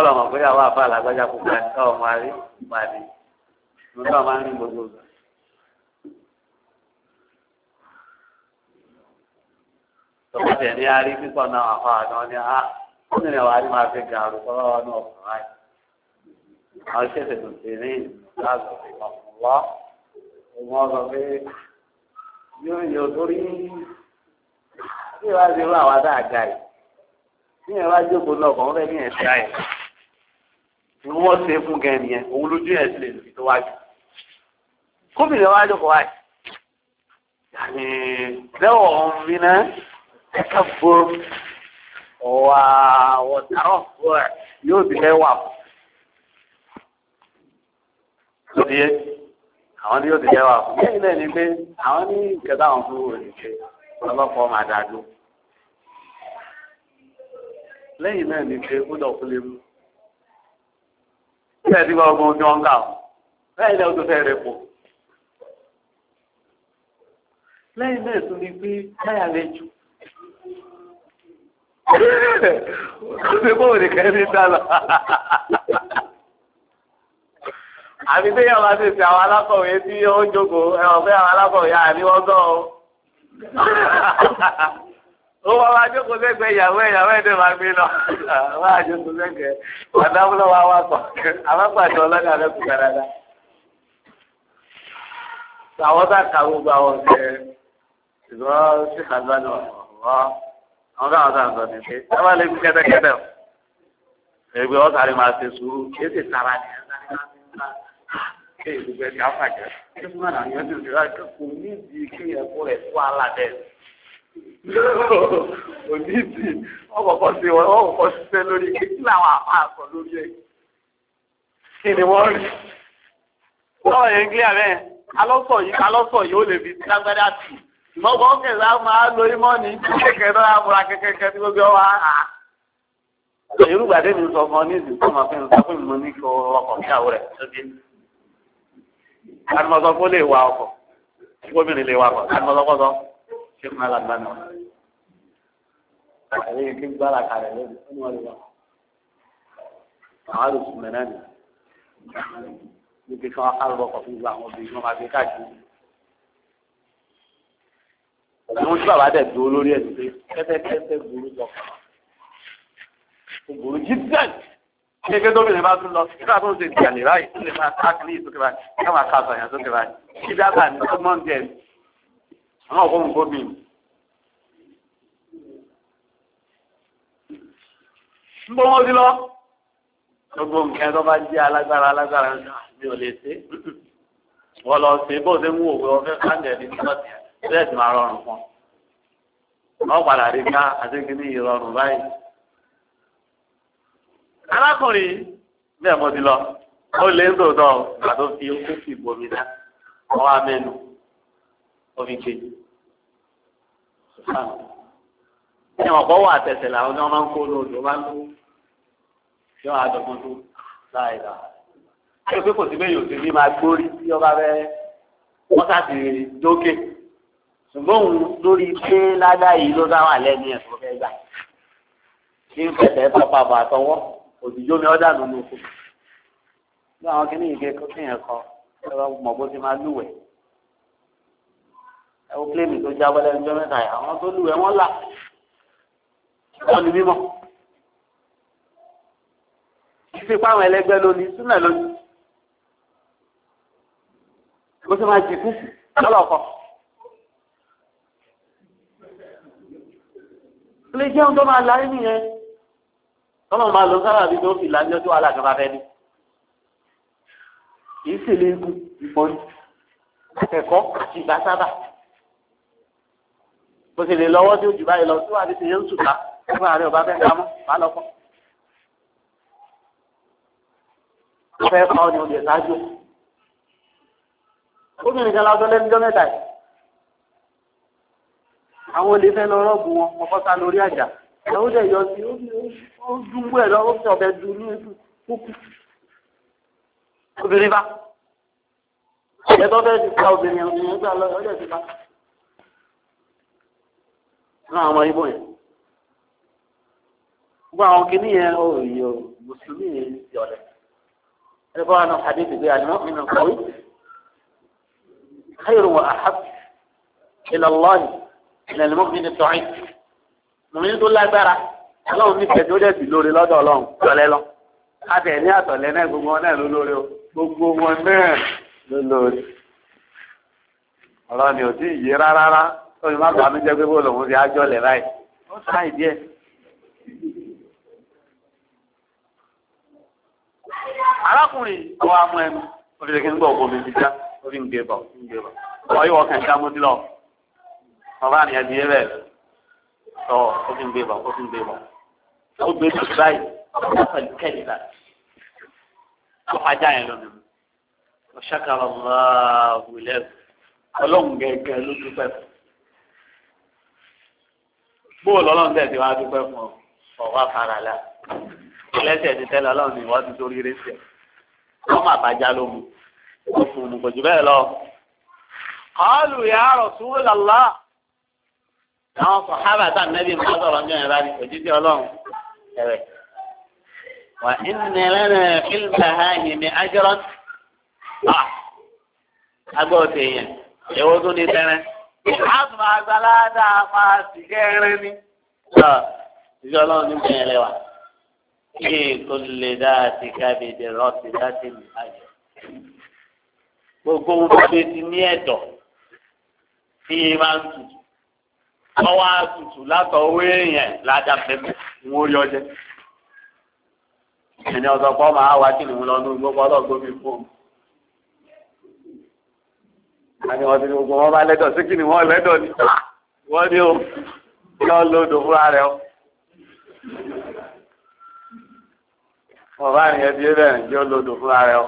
ọlọ́run ọ̀gbẹ́yàwó àbá làgbájá kó gbà ká ọmọ àrí pàdé nígbà máa ń gbogbo ìgbà. tẹ̀ ní arí pípọ̀ náà àfa àná ni a kúnlẹ̀ wà ní máa fi gà àrùn tọ́wọ́ wọn náà fún wa. àwọn ṣẹ̀ṣẹ̀ tó ti rí ìgbàgbọ́ ìmọ̀ fún wa. ìmọ̀ pé yóò yọ torí bí wàá ṣe wá àwa dáa ga yìí bí yẹn wá jókòó náà kàn fẹ́ bí yẹn ṣe àyè ni wọ́n ṣe fún gan nìyẹn òun lójú yẹn sì lè lè tó wájú kóbìnrin wá jókòó wáyé yàní lẹ́wọ̀ ọ̀hún mi náà ẹ̀ka bọ́ ọ̀wà ọ̀tàrọ̀ fún ẹ̀ yóò di lẹ́wà fún lórí àwọn ní yóò ti jẹ́ fún. bẹ́ẹ̀ náà ni pé àwọn ní ìkẹta àwọn fún òrìṣẹ́ ọlọ́pàá máa dáa lẹ́yìn náà ní pé ó dọ̀kú lé mú. Ṣé ẹ̀dí bá ọgbọ́n ojú ọ̀ǹkà ọ̀? Lẹ́yìn náà ó tó fẹ́ rẹ̀ pọ̀. Lẹ́yìn náà tún ní pé táyà lè jù. Ó ṣe bóun nìkan ní dáná. Àbí pé yàrá ti ṣe àwọn alákọ̀wé tí ó ń jókòó, ẹ̀wọ̀n pé àwọn alákọ̀wé àníwọ́gọ́ o ó wá wá jókòó sẹ́gbẹ̀ẹ́ ìyàwó ìyàwó ẹ̀dẹ̀ máa gbé lọ wá jókòó sẹ́gbẹ̀ẹ́ wàdáwúlọ̀ wá wá pọ̀ àbápàdé ọlọ́dà rẹ̀ kù dáadáa. àwọn bá ka gbogbo àwọn ọ̀sẹ̀ ìgbọ́ sí kàdúrà ọ̀ àwọn bá wọn sàn sọ ní pé sábà lè fi kẹ́tẹ́kẹ́tẹ́ o ẹgbẹ́ wọn sáré máa ṣe sùúrù kéde sára ni ẹ sáré máa ṣe sùúrù kéde ìdúgbẹ́ ti àfàjẹ́ kí fúnra náà yẹn onídìí ọkọ̀ọ̀kan sí wọn ọkọ̀ọ̀kan ṣiṣẹ́ lórí pé kí làwọn àpá àkọ lórí ẹ̀ kí ni wọ́n rí. lọ́wọ́ yẹn ń gbé ààrẹ alọ́sọ̀ yìí alọ́sọ̀ yìí ó lè fi lágbádá tì lọ́gbọ́n kẹta máa lo imọ́ ní kékeré náà múra kékeré tí gbogbo wa hà. yorùbá dé mi sọ fún ọ ní ìsìn fún ọmọfin sọ fún mi ní kí ọkọ̀ kí àwọ̀ rẹ̀ lóde. àdìmọ̀sọ́ fún lè wa ọkọ̀ ṣé kí n ala gba náà àlẹ́ yìí kí n gbára kalẹ̀ lẹ́nu ó ní wọ́n lè wá àwọn àlùsùn mẹ́rin náà níbi kí wọ́n á lọ́kọ̀ fún gbogbo àwọn obìnrin wọn máa gbé káàkiri àwọn tí bàbá dẹ̀ dúró lórí ẹ̀ ṣe kẹ́tẹ́kẹ́tẹ́ burú lọ. Òbòrò jíjẹ́ kéèké gómìnà bá tún lọ nígbà tó ń ṣe ìdíyàlè báyìí tó lè máa ká kiri sókè báyìí ká máa ká sọ̀yàn sókè báyìí. Ṣé dábàá ní ọmọ ń jẹ àwọn ọkọ̀ òun bí i. bọ́ wọn sí lọ gbogbo nǹkan tó bá jẹ́ alágbára alágbára mi ò lè ṣe wọ́n lọ ṣe bó ṣe ń wò ọfẹ́ káńdẹ̀ẹ́dì ní ọ̀tí bẹ́ẹ̀ sì máa rọrùn fún un wọ́n padà rí ká àtẹ́kìní ìrọ̀rùn báyìí. arákùnrin bẹ́ẹ̀ mo ti lọ ó lé ń tòótọ́ ìgbà tó fi ó fi ìbomi dá ọwọ́ amẹ́nu omi ṣe ẹ wọn kọ wọ àtẹsẹ làwọn náà máa ń kó lóòdù máa ń lò yọ àdọgbọn tó láì rà ayọ pé kò sí bẹ́ẹ̀ yóò ti ní máa gbórí tí ọba rẹ wọ́n sàtì dókè ṣùgbọ́n òun lórí pé ládàá yìí ló dáwà lẹ́ni ẹ̀ tó fẹ́ gbà kí n fẹ̀tẹ̀ pápá bọ̀ àtọwọ́ òdìjọ́ mi ọ̀dà nínú oko bí àwọn kìnnìún ìgbẹ́ ẹwọ kílẹ̀mù tó jábọ́ lẹ́nu jọ mẹ́ta yìí àwọn tó lù ẹ́ wọ́n là wọ́n ní mímọ́ fífi páwọn ẹlẹgbẹ́ lónìí súnà lónìí bó ṣe máa jì kú lọ́lọ́kọ̀. ilé jẹun tó máa láyé nìyẹn tọ́lọ̀ máa lọ sára àbí tó fi lájọ́ tó wàhálà kan bá fẹ́ ní. kì í sì lè kú ìbọn àti ìgbà sábà bó ṣe lè lọ́wọ́ tí ó jù báyìí lọ tí wàá ti yẹn ń sùkà nígbà rẹ ọba fẹ́ kámú má lọ fún. ó fẹ́ pa ọ̀nà ṣáájú. obìnrin kan lásán lẹ́nu jọ́ mẹ́ta yìí. àwọn olè fẹ́ lọ rọ́ọ̀bù wọn wọ́n fọ́ sá lórí àjà. ìyàwó dẹ̀ yọ sí ó dúngbò ẹ̀ lọ ó fi ọ̀bẹ dùn ní kúkú. obìnrin bá ẹ̀tọ́ fẹ́ẹ́ ti pa obìnrin ọ̀gbìn náà àwọn ibò yẹn gbogbo àwọn kìíní yẹn ó yìí o mùsùlùmí yẹn ti ọ̀lẹ ẹni bá wà náà hadithi pé àná mi náà kọ̀wé khayru wa ahab ila Allah ila al-mu'min ad-da'if mùmíní tó lágbára gbogbo wọn náà lórí o ni ò tí ì yé olè má bàa mi jẹ́ pé bóòlù òun ti ájọ lẹ láì ó sáì díẹ̀. arákùnrin ọwọ́ amú ẹnu obìnrin kí n gbọ́ ògbó mi ti já orí ń gbé bọ̀ ń gbé bọ̀ ọwọ́ yìí wọ́n kàn já mú nílọ ọba àníyàn ti yé bẹ́ẹ̀ tọ́ ó fi ń gbé bọ̀ ó fi ń gbé bọ̀ ó gbé bọ̀ báyìí ó pẹ̀lú kẹ́lìlá ó ajá yẹn lónìí ọ̀ṣàkàrọ̀ ọ̀làwùlẹ̀ ọlọ́run gẹ̀ẹ́gẹ́ ló dúpẹ́ fún. bóòlù ọlọ́run tẹ̀ ti wá dúpẹ́ fún ọ ọ̀wá farala ẹlẹ́sẹ̀ ti tẹ́lẹ̀ ọlọ́run ní ti sórí rẹ́sẹ̀ ló mu ó fún un kò jù bẹ́ẹ̀ lọ. kọ́ọ̀lù àwọn tá nẹ́bí ọlọ́run ẹ̀rẹ̀. wà ah. tèèyàn èwo tó ní tẹ́rẹ́. àtùmọ̀ àgbàládà máa sì kẹrin ni. ìjọ ọlọ́run ní bẹ̀rẹ̀ rẹwà kí èkó lè dá àti kábíyèdè rọ́ọ̀tì láti lè ayọ̀. gbogbo wọn bẹ ti ní ẹ̀dọ̀ tí e máa ń tutù ọwọ́ àtùtù látọ̀ owó èèyàn ládàá pẹ́pẹ́ ń wó yọjẹ́. ẹni ọ̀sán pọ́ máa wá kí nìhun lọ́nu gbogbo ọlọ́gbọ́n mi fún un àti wọn ti ní gbogbo wọn bá lẹ́dọ̀ sí kí ni wọ́n lẹ́dọ̀ ni ah, wọ́n ní o yọ lódò fúnra rẹ o. ọba nìyẹn ti bẹ́ẹ̀ yọ lódò fúnra rẹ o.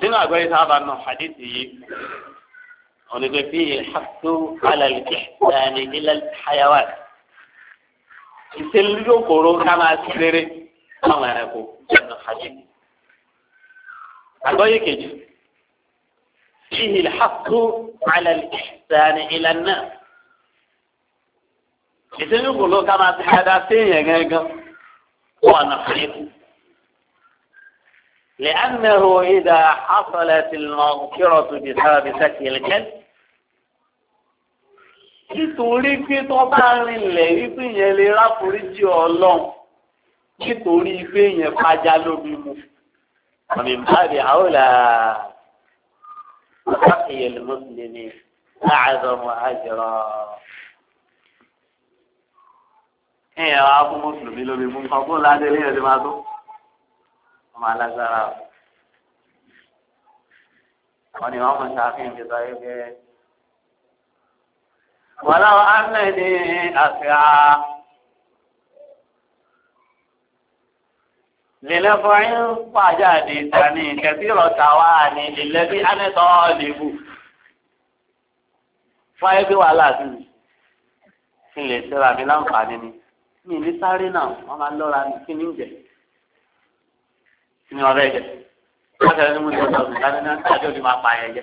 nínú àgbẹ̀yẹ sábà náà hadith yìí onígbè fi hasu alalike dání ilẹ̀ hayawan. ìṣèlú yóò kóró ká máa ṣe rere fáwọn ẹranko nínú kejì. فيه الحق على الإحسان إلى الناس ìṣẹ́jú kò ló ká máa ti dáadáa sí èèyàn gángan wà nàfẹ́lẹ́kù. لأنه إذا حصلت المغفرة بسبب سكي الكلب nítorí pé tó bá rinlẹ̀ wípé yẹn lè ráforíjì ọlọ́run nítorí pé yẹn fajá lóbi mu. àmì báyìí àwọn làá. بقي المسلم أعظم أجرا ẹ̀yìn àwọn akú mùsùlùmí lórí mú nǹkan bó ládé lé ẹ̀dí máa tó ọmọ alágbára wọn ni wọn mọ ṣàfihàn ìjọba yìí pé wọn láwọn á mẹ́ni àfihàn. لنفع وجد ثاني كثير الثواني الذي أنا طالب fáyébí wàhálà sí mi kí n lè ṣera mi láǹfààní ni mi ní sáré náà wọn máa lọ́ra mi kí ní jẹ kí ní ọ̀rẹ́ jẹ lọ́sẹ̀ ní mo ní ọjọ́ òbí dání náà tájọ́ òbí máa pa ayẹyẹ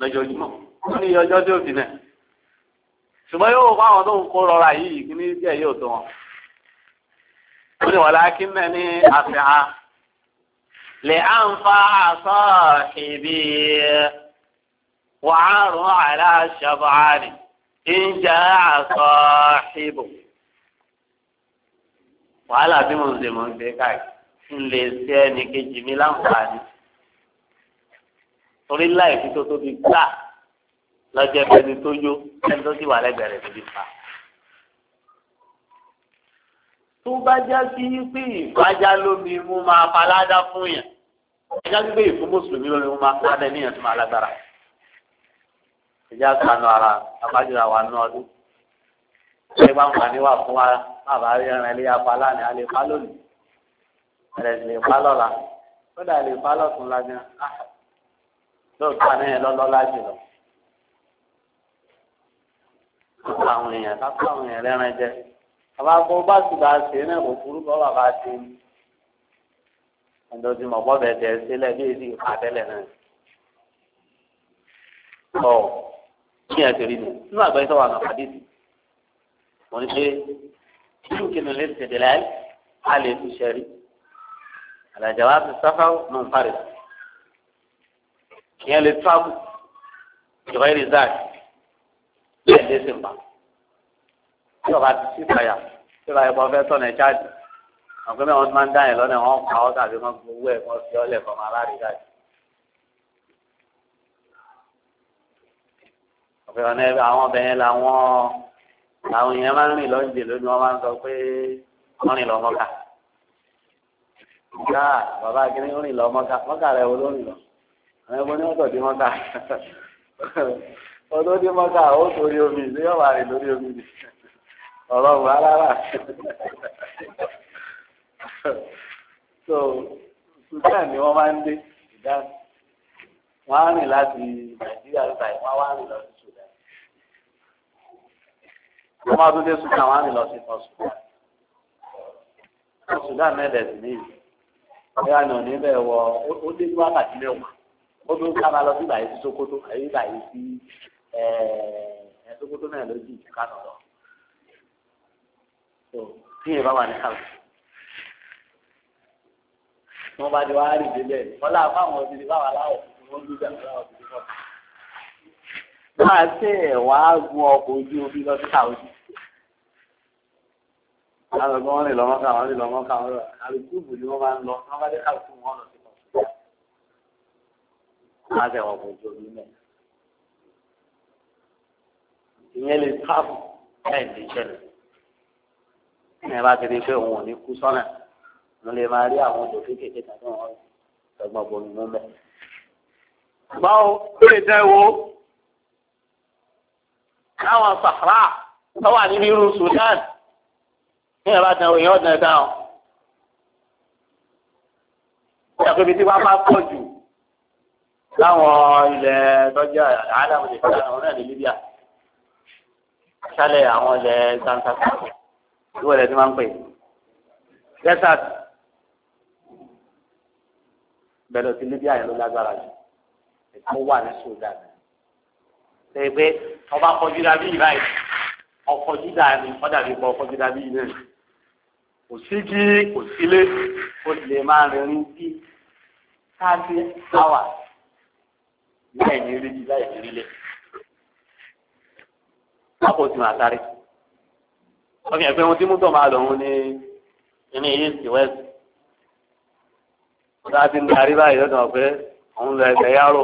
lójoojúmọ́ ó ní ọjọ́ tí òbí náà ṣùgbọ́n yóò wá àwọn tó ń kó rọra yìí kí ní díẹ̀ yóò tó wọn ó ní wọ́n lákì náà ní àfihàn lè à ń fa àṣọ ìbí wàárùn aláṣàbọ̀árì ìjà àṣọ ìbò wàhálà bí mo ṣe mo ń gbé káàkiri ń lè ṣe ẹnì kejì mi láǹfààní torí láì fi tó tóbi gbà lọ́jọ́ ẹni tó yó ẹni tó sì wà lẹ́gbẹ̀ẹ́ rẹ̀ tóbi tó bá já sí pé ìfájá lómi mú máa faládá fún yẹn ẹjá gbé ìfún mùsùlùmí lómi mú máa faládá ní yẹn tó máa lágbára ìjà sànù ara abájúra wa nù ọdún ṣé bá ń wà níwà fún wa bàbá ríran ilé apalá ni a lè pa lónìí rẹ̀ lè pa lọ́la ó lè pa lọ́tún lágbára ah. lóòótọ́ náà lọ́lọ́lá jùlọ àwọn èèyàn ká fún àwọn èèyàn lẹ́ran jẹ àbá kó bá sì bá ṣe náà kò burú kọ́ bàbá ṣe ni ẹ̀dọ́ ti mọ̀ pọ́ bẹ̀ tẹ̀ sílẹ̀ bí èsì àtẹ́lẹ̀ náà ọ̀ kí ẹ̀ tẹ̀lé mi nínú àgbẹ̀ tó wà nà pàdésì mo ní pé kílù kìnnìún lè tẹ̀lé láì á lè fi ṣẹ́rí àlàjà wa ti sáfà nù parí ìyẹn lè travel ìwé rìzáàtì bẹ́ẹ̀ lè sèǹpà tí ọba ti sí ìpayà tí ọba ìbọn fẹ́ tọ̀nà ìjáde àgbẹ̀ mẹ́wọ́n ti máa ń dá yẹn lọ́nà wọn pa ọ́ tàbí wọn gbowó ẹ̀ wọn fi ọ́lẹ̀ fọmọ aláàrí jáde. ọ̀pẹ̀ ọ̀nà àwọn ọbẹ̀ yẹn làwọn làwọn èèyàn máa ń rìn lọ́njẹ lónìí wọ́n máa ń sọ pé wọ́n rìn lọ mọ́kà. ìyá bàbá akíní ń rìn lọ mọ́kà mọ́kà rẹ̀ wo ló rìn lọ àwọn ẹgbẹ́ ní ọ̀tọ̀ dé mọ́kà ọ̀tọ̀ mọ́kà ó torí omi ìlú yọ̀ ọ̀rọ̀ wà so Sudan ni wọ́n máa ń dé Sudan wọ́n á rìn láti Nàìjíríà lọ́ta yìí wọ́n á rìn lọ sí Sudan wọ́n máa tún dé Sudan wọ́n á rìn lọ sí South Sudan South Sudan mẹ́lẹ̀ sí ní ìlú ẹ̀yà nà ní bẹ́ẹ̀ wọ ó dé ní wákàtí mẹ́wàá ó tún ká máa lọ sí ìbàyè sí Sokoto àyè ìbàyè sí ẹ̀ẹ́ náà ló jì ká lọ tí yẹn bá wà ní house wọn bá di wàá rí ìdílé wọn là fáwọn òbí báwa láwọ wọn bí bẹ́ẹ̀ láwọ òbí bọ. máa tẹ wàá gun ọkọ̀ ojú omi lọ sí sàwọdì. alùpùpù wọn lè lọ mọkà wọn lè lọ mọkà wọn lọ alùpùpù ni wọn máa ń lọ wọn bá dé kàlùkù wọn lọ sí kọsùn. máa tẹ ọkọ̀ ojú omi mẹ. ìyẹn lè tábù ẹ̀ ẹ bá ti di pé òun ò ní kú sọ́nà mo lè máa rí àwọn odò kéékèèké tàbí wọn ẹ̀gbọ́n bò ní mọbẹ. báwo ló lè tẹ wo káwọn sàrà tó wà níbi irú Sudan ní ẹ bá tẹ òyìn ọdún dáhùn. ó tí wọn bá pọ̀ jù láwọn ilẹ̀ tọ́jú àdáhùn àwọn náà ní Libya sálẹ̀ àwọn ilẹ̀ santasafi ìwọ lẹ́sìn máa ń pè desert bẹ̀rẹ̀ sí Libya yẹn ló lágbára jù ètò wà ní Sudan ṣe pé ọba kọjú dàbí yìí báyìí ọkọjú dàbí ọdàbí kọ ọkọjú dàbí yìí náà kò sí kí kò sílé kò lè máa rìnrìn bí thirty hours láì ní rí bí láì wọ́n kò tún àtàrí ọkàn ẹ̀fẹ́ wọn tí mú tọ̀ máa lọ òun ní ní east west ọ̀dà ti ń darí báyìí lọ́dọ̀ pé òun lọ ẹ̀sẹ̀ yárò.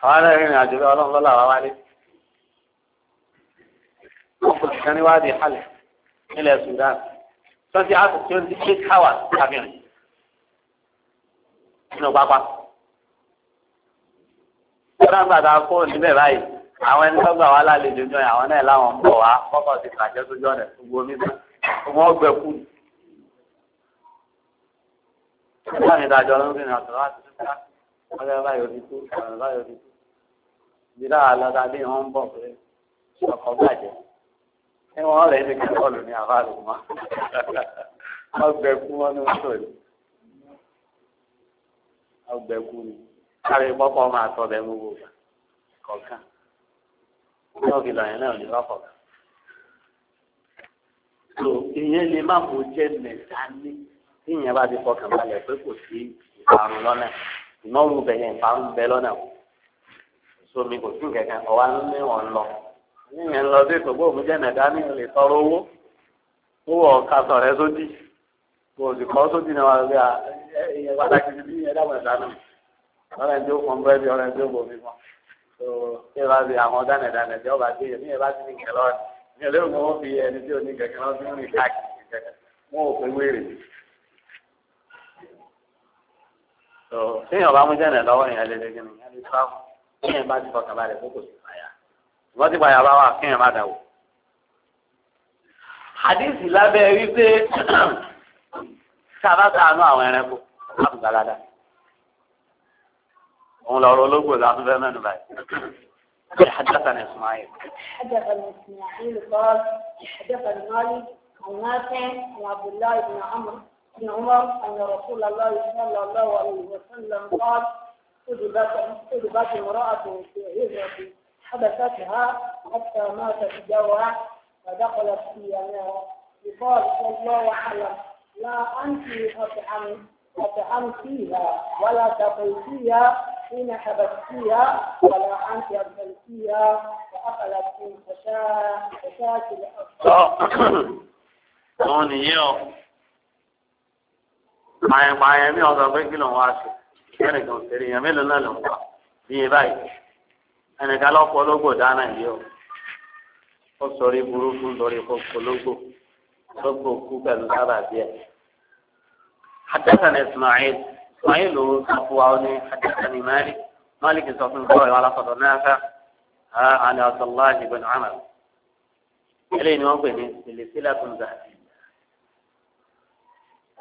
àwọn arẹ́rìn àjò bí ọlọ́run lọ́la wá wálé. wọ́n kò sí kan níwádìí halẹ̀ nílẹ̀ Sudan twenty hours twenty eight hours àfihàn nínú pápá. ọ̀dà ń gbàdá kó níbẹ̀ báyìí àwọn ẹni tó gbà wá lálejò jọ àwọn náà láwọn ń bọ̀ wá kọ́kọ́ ti pàṣẹ sójú ọ̀nà gbogbo mi bá wọn gbẹ kú. nígbà mi dájọ́ ló ń rìn àtọ̀ láti tó ká ọ̀rẹ́ báyọ̀ ti tó ọ̀rẹ́ báyọ̀ ti tó. ìdílé àlọ́dá bí wọ́n ń bọ̀ pé ọkọ̀ bàjẹ́ ní wọ́n rẹ̀ ní kẹ́kọ̀ọ́lù ní àbálù mọ́ ọgbẹ̀kú wọn ní oṣù rẹ̀ ọgbẹ̀kú ni kárí pọ́pọ́ máa tọ́ bẹ́ẹ̀ gbogbo kọ̀ọ̀kan náà fi làyẹn náà lè bá pọ̀ gà. tó ìyẹn lè má kó jẹ́ mẹ́ta ní tí ìyẹn bá ti fọkàn balẹ̀ pé kò sí ìparun lọ́nà ìnáwó bẹ̀yẹ̀ ìparun bẹ lọ́nà sómi kò sí kẹ̀kẹ́ ọ̀wá ní wọn lọ níyẹn lọ sí ìtògbó òun jẹ́ mẹ́ta ní lè tọrọ owó owó ọ̀ka sọ̀rẹ́ sódì kò sì kọ́ sódì náà wà lórí ẹ̀ pàtàkì ní ẹ̀dá mẹ́ta náà ṣé wàá fi àwọn dánẹ̀dánẹ̀ tí ọba gbé yẹn ní ẹ bá ti ní kẹ lọ́wọ́ ní ẹ lérò mọ́ wọ́n fi ẹni tí ò ní kẹ̀kẹ́ lọ́wọ́ sínú ìkáàkiri kẹ̀kẹ́ wọn ò pé wéèrè. téèyàn bá mú jẹ́nẹ̀ lọ́wọ́ yẹn lé lé gíní yẹn lè fáwọn téèyàn bá ti fọkàn balẹ̀ fún kò sí fàyà wọ́n ti fàyà bá wà kéèyàn má dà wò. hadith lábẹ́ wípé sábà sàánú àwọn ẹranko lábùgbàládàá. هم لو رولوك وزعتوا فيها من بعد حدثنا إسماعيل حدثنا إسماعيل قال حدثنا مالك عن نافع عن عبد الله بن عمر بن عمر أن رسول الله صلى الله عليه وسلم قال أدبت امرأة في عزة حبستها حتى ماتت جوعا فدخلت في يناير يقال والله أعلم لا أنت أطعم أطعمتيها ولا تقيتيها حين حبستيها ولا أنت أبدلتيها فأقلت من فشاك الأرض òun nìyí ọ àyẹ̀pàyẹ̀ mi ọ̀sán pé kí ló ń wá sí ẹnìkan kiri èèyàn mélòó náà ló ń wá bí i báyìí ẹnìkan lọ́pọ̀ ológbò dáná yìí ọ ó sọrí burúkú lórí kókó ológbò ológbò kú pẹ̀lú sábà díẹ̀. حدثنا إسماعيل وعيل عوني حدثني مالك مالك صوت القوي على صدر نافع عن عبد الله بن عمر إليه نوبه لسلة ذهبية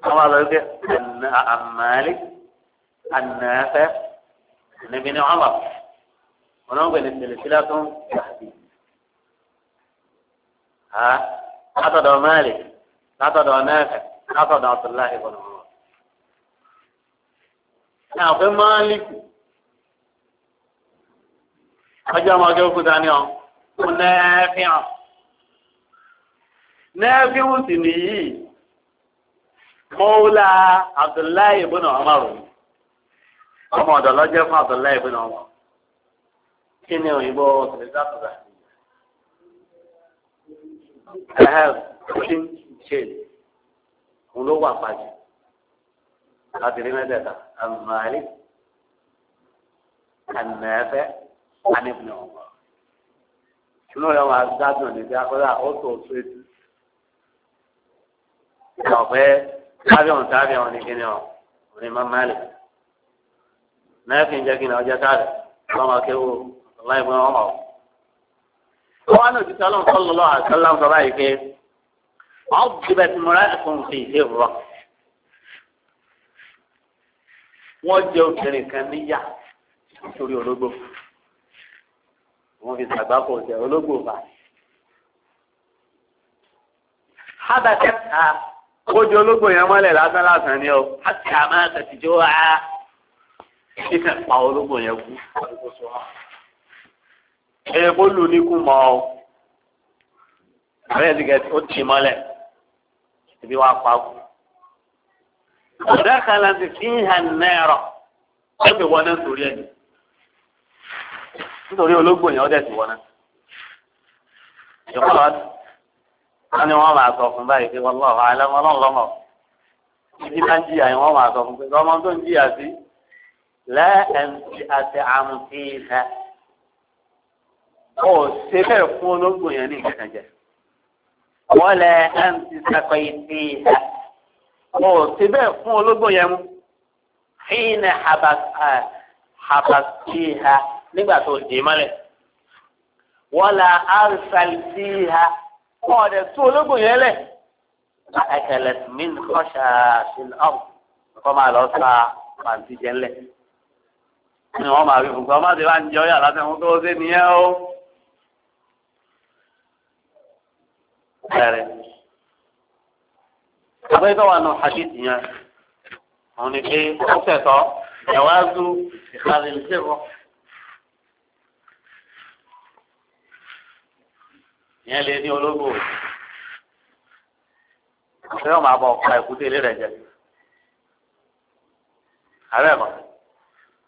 أما ذلك عن مالك عن نافع عن ابن عمر ونوبه لسلة ذهبية ها أتدى مالك أتدى نافع أتدى عبد الله بن عمر àpẹ máàlìkù ọjọ́ ọmọdé òkúta ni ọ kò nẹ́ẹ̀fì hàn nẹ́ẹ̀fì ọmọ ọ̀dọ̀ fún Abdullahi ibn Umar kí ni òyìnbó tẹ̀lẹ́sà tọ̀tà ló wà عن مالك عن نافع عن ابن عمر شنو يوم عزاد من ياخذ اوتو سويت كافي تابع تابع وني كنيو وني ما مالك نافع جاكين او جاتال كما كيو الله ابن عمر وانا جيت الله صلى الله عليه وسلم صلى الله عليه وسلم عذبت امرأة في هرة wọ́n jẹ obìnrin kan níyà nítorí ológbò wọ́n fi sàgbákò jẹ ológbò bá. hábàtẹ́ta kójú ológbò yẹn mọ́lẹ̀ lásán lásán ni o àti àmọ́ àtẹ̀tìjọ́ á kíkẹ́ pa ológbò yẹn kú. ẹ kó lù ní kú mọ́ ọ àbẹ́rẹ́ ti kẹ́ ó tì mọ́lẹ̀ ibi wàá pa kú ọ̀dàkàlà ti fi hàn náírà ó ti wọ́n náà sórí ẹ̀yìn nítorí ológbò yẹn ó dẹ̀ ti wọ́n náà. ìkọ́ wọn ni wọ́n máa sọ fún báyìí pé wọ́n lọ́wọ́ alẹ́ wọn lọ́wọ́ lọ́mọ. ibi máa ń jìyà yẹn wọ́n máa sọ fún pé ọmọ tó ń jìyà sí lẹ́ẹ̀ntì àti àmùtí ìfẹ́. ó ṣe bẹ́ẹ̀ fún ológbò yẹn ní ìkẹ́kẹ́ wọ́n lẹ́ẹ̀ntì sàkọ́ wọn ò sí bẹ́ẹ̀ fún ológbò yẹn mu fíìnì habasiha nígbà tó dì í mọ́lẹ̀ wọ́lá arsalisiha wọn ò dẹ̀ tú ológbò yẹn lẹ̀ ẹ̀kẹ̀lẹ̀ min kọ́ṣà sin ọ̀hún kọ́ máa lọ sa pàǹtí jẹ́ ńlẹ̀ ni wọ́n máa rí fún kọ́ máa ti wá ń jẹ́ ọ́yà látẹ̀wọ́n tó ṣe nìyẹn o àbẹ́ tó wà nù hadith yẹn òun ni pé ó tẹ̀tọ́ ẹ̀wáàzú ìkàlẹ̀lẹ́sẹ̀rọ̀. ìyẹn lè ní ológbò ṣé wọn máa bọ ọkọ ẹkúté ilé rẹ jẹ ààrẹ mọ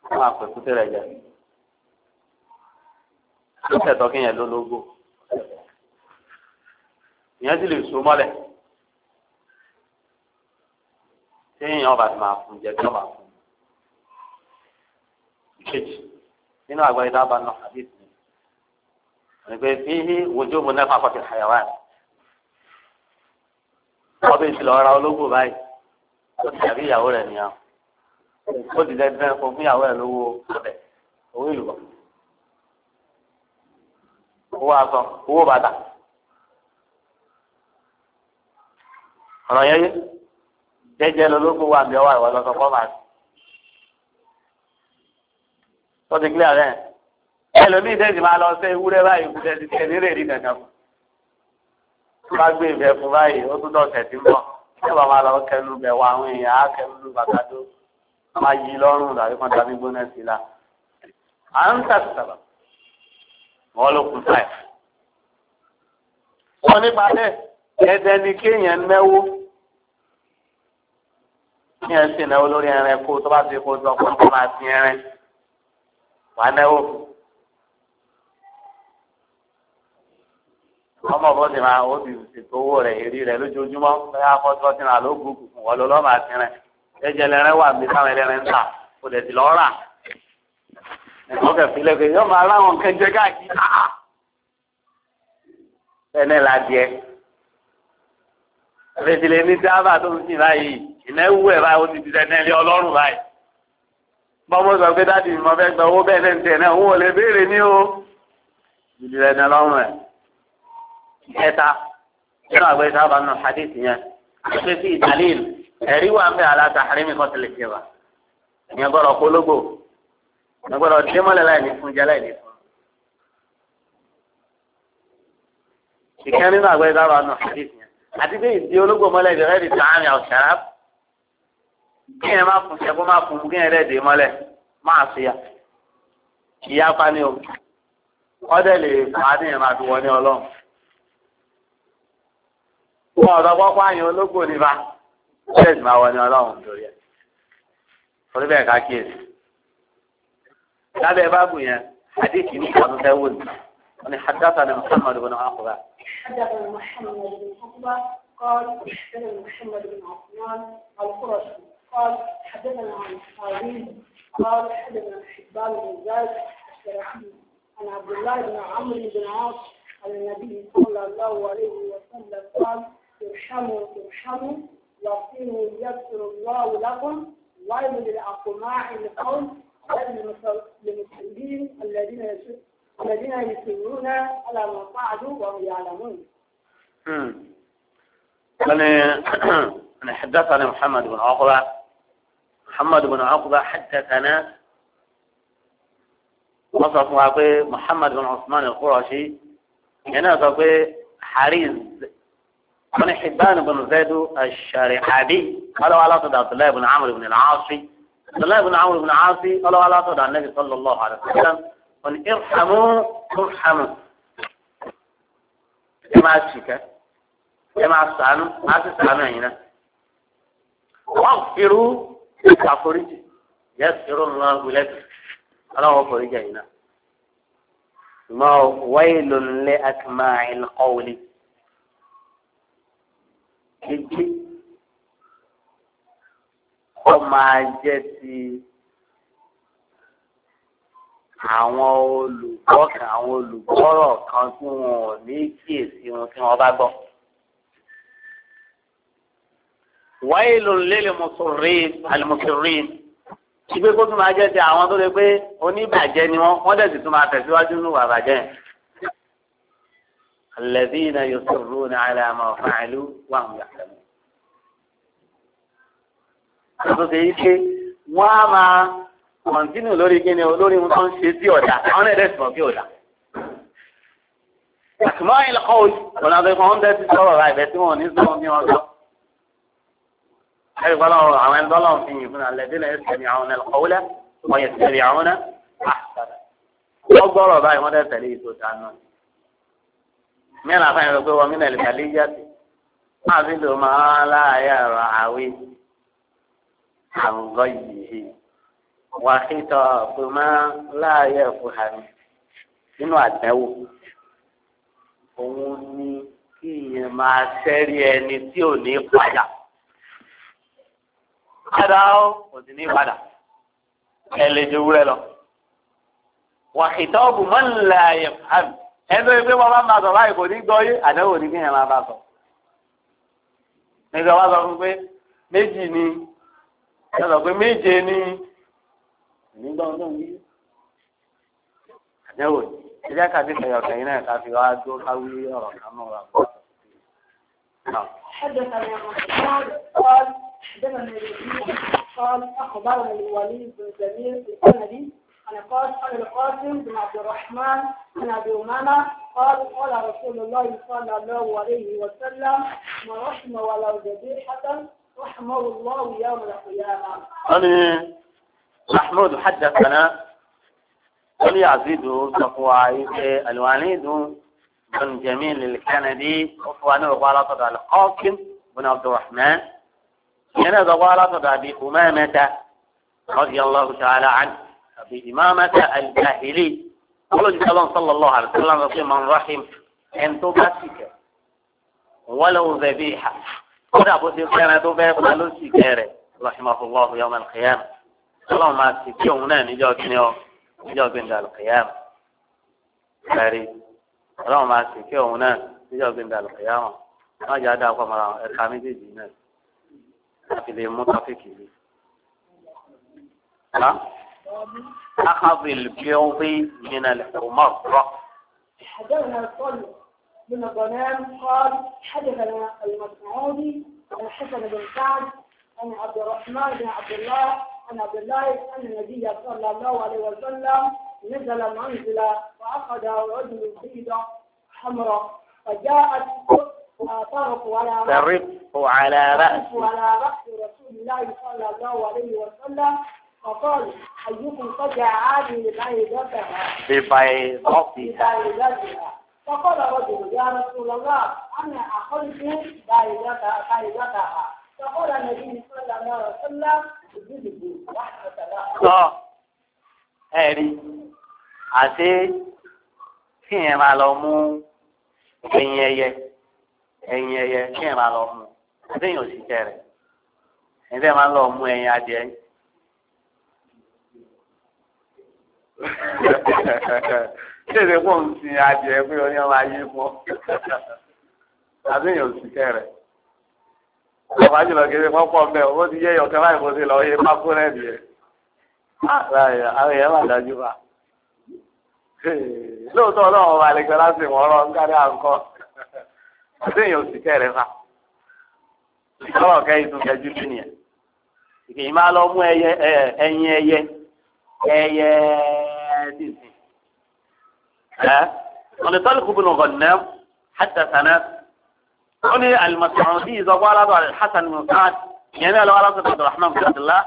wọn máa pẹ ẹkúté rẹ jẹ ló tẹ̀tọ́ kí yẹn lólógbò ìyẹn sì lè so mọ́lẹ̀. téèyàn ọba ti máa fún jẹ tí ọba fún un kejì nínú àgbà yìí dábàá náà àbí ìsìn ní pé fíhí wojú mu náà fàkọ́ ti hàyàwá ẹ̀ ọbẹ̀ ìsìn lọ́ọ́ ra ológbò báyìí ó ti tàbí ìyàwó rẹ̀ nìyàwó ó ti dẹ́gbẹ́ fún ìyàwó ẹ̀ lówó ọbẹ̀ owó ìlúbọ̀ owó aṣọ owó bàtà ọ̀ràn yẹn yé jẹjẹ lọlọgbọ wà bí ọwọ àwọn ọlọsọ fọmà sí. wọ́n ti clear rẹ̀ ẹlòmíì tẹ̀sí máa lọ sí ewúrẹ́ báyìí kú tẹ̀sí tẹ̀ nílé rí kankan fún. tó bá gbé ìfẹ́ fún báyìí ó tún dọ̀tẹ̀ sí mọ́ ṣé bàbá lọ kẹnu bẹ̀ wọ àwọn èèyàn á kẹnu lu bàtà tó máa yí lọ́rùn tàbí kan tàbí gbóná sí la. à ń tàṣàbà wọ́n ló kún táì. wọ́n nípa bẹ́ẹ̀ ẹ̀ẹ́dẹ́ni ní ẹsẹ̀ náà olórí ẹran kó tó bá ti kó tó kó tó máa fi ẹran wà náwó. ọmọ bó ti máa ó ti ṣètò owó rẹ̀ èrí rẹ̀ lójoojúmọ́ bẹ́ẹ̀ akọ́tọ́ ti rà ló gbogbo wọ́n ló lọ́ọ́ máa fi rẹ̀ ẹ̀jẹ̀ lẹ́rẹ́ wà mí táwọn ẹlẹ́rẹ́ ń tà kò dẹ̀ ti lọ́ọ́ rà. ẹ̀kọ́ kẹfì lẹ́kọ̀ọ́ yóò máa láwọn kẹjẹ káàkiri bẹ́ẹ̀ náà la díẹ̀. ẹ̀fẹ̀ ti lè ní dábàá tó ń sìn láyìí ilẹ̀ wú ẹ̀ báyìí ó ti di dandan ilé ọlọ́run báyìí bọ́mọ sọ pé dáàdi mi fẹ́ gba owó bẹ́ẹ̀ lẹ́nu tẹ̀ náà òun ò lè béèrè ní o ìdí dandan lọ́rùn ẹ̀ ẹ̀ta nínú àgbẹ̀ sábà nù hadith yẹn àti sí ìdálẹ́lù ẹ̀rí wà ń bẹ aláta àrími kan tilẹ̀ ṣe wa ìyẹn gbọ́dọ̀ kólógbò ìyẹn gbọ́dọ̀ démọ́lẹ̀ láì ní fún jẹ́ láì fún. ìkẹ́ nínú àgbẹ̀ sábà nù hadith yẹn àti pé ìdí ológbò mọ́lẹ̀ ìdí rẹ̀ kéèyàn má kun sẹ́kó má kun kéèyàn rẹ̀ dè mọ́lẹ̀ máa fi ya ìyá pani o ọdẹ lè fà á níyàn máa fi wọ ní ọlọ́run. wọn ọ̀dọ́ pọ́pọ́ àyàn ológbò ní bá ṣe ti máa wọ ní ọlọ́run lórí ẹ̀ torí bẹ́ẹ̀ ká kíyèsí. lábẹ́ báàbù yẹn àdéhìí ní ìkàtúntẹ́ wò ní wọn ni حدثنا محمد بن عقبة حدثنا محمد بن عقبة قال حدثنا قال حدثنا عن خالد قال حدثنا حبان بن زاد عن عبد الله بن عمرو بن عاص عن النبي صلى الله عليه وسلم قال ارحموا ارحموا واغفروا يذكر الله لكم ويل للأقماع بل للمسلمين الذين الذين يسرون على ما صعدوا وهم يعلمون. أنا يعني أنا حدثني محمد بن عقبة محمد بن عقبة حدثنا مصرف معقي محمد بن عثمان القرشي هنا تقول حريز من حبان بن زيد الشارحابي قالوا على صدى عبد الله بن عمرو بن العاصي عبد الله بن عمرو بن العاصي قالوا على صدى النبي صلى الله عليه وسلم من ارحموا ارحموا كما اشيك كما اشتعنوا ما اشتعنوا هنا واغفروا ètò àforíjì yẹ sọ̀rọ̀ ńlá wulẹtì aláwọ foríjì yìí náà ṣùgbọ́n wáyé lónìí àtìmá ìlọkọwọlé kéjì kọ máa jẹ ti àwọn olùkọ́ kan àwọn olùkọ́rọ̀ kan tí wọn ò ní kíyèsí wọn tí wọ́n bá gbọ́. wailul lil musirrin al-musirrin ìgbé kó tún máa jẹ́ ti àwọn tó lè pé oníbàjẹ́ ni wọ́n wọ́n dẹ̀sí tún máa tẹ̀síwájú nínú wà bàjẹ́ alladhina yusirruna ala ma fa'alu wa hum ya'lamun. àtúnṣe yìí pé wọ́n á máa kọ̀ǹtínù lórí kíni olórí wọn tó ń ṣe sí ọ̀dà àwọn ẹ̀dẹ̀ sì mọ̀ sí ọ̀dà. àtùmọ̀ ìlọ́kọ̀ọ́lù ọ̀nà ẹ̀rí kọ́ lọ́wọ́ àwọn ẹni tọ́lọ́wọ́ fi yìn fún alẹ́ dínà ẹ̀sẹ̀ ní àwọn ẹ̀kọ́wọ́lẹ̀ wọ́n yẹ tẹ̀lé àwọn náà wọ́n gbọ́rọ̀ báyìí wọ́n dẹ̀ tẹ̀lé ètò ìdáná mìíràn afáyín rẹ̀ pé wọ́n mìíràn ìgbàlẹ̀ yàtì máa fi lò máa láàyè ọ̀rọ̀ àwí àǹgọ́ yìí wà òun ni kí ìyẹn máa sẹ́rí ẹni tí ò ní padà padà ó kò sì ní padà ẹ lè ju wúrẹ́ lọ. wàhìtọ́ bù mọ́ nílẹ̀ ayẹ̀ àbí ẹgbẹ́ ìgbé wọn bá máa sọ báyìí kò ní gbọ́ yé àdéhùn ní kéèyàn máa bá sọ. nígbà wá sọ fún pé méjì ni ẹ sọ pé méje ni nígbà wọn náà ń àdéhùn ní ilé kàbí kẹyọ kẹyìn náà ká fi wá dó ká wí ọ̀rọ̀ kan náà wà. عندما قال أخبرنا الوليد بن سمير الكندي أنا قال أنا القاسم بن عبد الرحمن بن أبي أمامة قال قال رسول الله صلى الله عليه وسلم ما رحم ولو ذبيحة رحمه الله يوم القيامة. أنا محمود حدثنا قال يزيد تقوى الوليد بن جميل الكندي وفوانه غلطة القاسم بن عبد الرحمن هنا زوال بابي أمامة رضي الله تعالى عنه أبي إمامة الجاهلي قل جلال صلى الله عليه وسلم رضي من رحم أن تبسك ولو ذبيحة قد أبو سيكون تبسك ولو سيكاري رحمه الله يوم القيامة اللهم أسك يومنا نجاكني نجاك عند القيامة فريد اللهم أسك يومنا نجاك عند القيامة ما جاء دعوة مرام إرخامي دي جينات أخذ البيض من الحمر حدثنا الطلب من غنام قال حدثنا المسعودي عن حسن بن سعد عن عبد الرحمن بن عبد الله عن عبد الله أن النبي صلى الله عليه وسلم نزل منزلا واخذ رجل بيضة حمراء فجاءت فعرفوا على رأس على رأس رسول الله صلى الله عليه وسلم فقال أيكم قد عادي ببيضتها ببيضتها فقال رجل يا رسول الله أنا أخذت بيضتها فقال النبي صلى الله عليه وسلم اجلدوا رحمة الله. ẹ̀rí àti kíyẹn máa lọ mú ẹyin ẹyẹ ẹyin ẹyẹ kí ẹ máa lọ mú àbẹ́yìn òṣìṣẹ́ rẹ̀ ẹ̀yin tẹ́ máa lọ mú ẹyin adìẹ ṣé ìṣe pọ̀ ń adìẹ pé oní ọmọ ayé pọ̀ àbẹ́yìn òṣìṣẹ́ ọba jùlọ kí ṣe pọ́pọ́ mbẹ́ ti yẹ ìyọ̀kẹ́ láì bó ṣe lọ pákó náà àwọn èèyàn dájú lóòótọ́ ọlọ́run àti èèyàn òsì kẹrẹ fa ìtọ́rọ̀ kẹ́yìn tó gẹ̀jú sí nìyẹn ìkìyìn máa lọ mú ẹyẹ ẹyin ẹyẹ ẹyẹ dìsìn ẹ wọn lè tọ́lù kúbùnù ọ̀nà hàtà sànà ó ní alimọ̀sán bí ìzọ́gbọ́ alábọ̀ alhassan musaad ìyẹn náà lọ́wọ́ alábọ̀ sọ̀rọ̀ rahman bin abdullah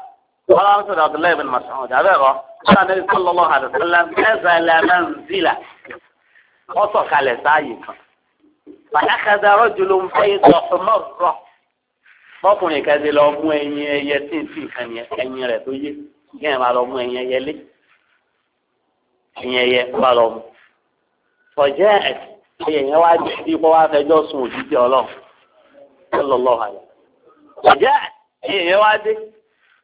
wọ́n alábọ̀ sọ̀rọ̀ abdullah ibn masoud abẹ́ rọ wọ́n náà níbi sọ́lọ́lọ́ àdàsọ́lá ẹ̀zá ẹ̀lẹ́mẹ́nzílà wọ́n sọ̀kalẹ̀ sáàyè kan. fàdákàdà rọ́jòló ń fẹ́ ìtọ̀ ọmọọ̀rọ̀ mọ́kùnrin kan ti lọ mú ẹyin ẹyẹ tí ń fi nǹkan yẹn ẹyin rẹ̀ tó yé kí ẹ̀ máa lọ mú ẹyin ẹyẹ lé ẹyin ẹyẹ wà lọ mú. fọ̀jẹ́ ẹ̀yẹ yẹn wá jẹ́ bí wọ́n wá fẹjọ́ sùn òjijì ọlọ́run lọ́lọ́ àyà. fọ̀jẹ́ ẹ̀yẹ yẹn wá dé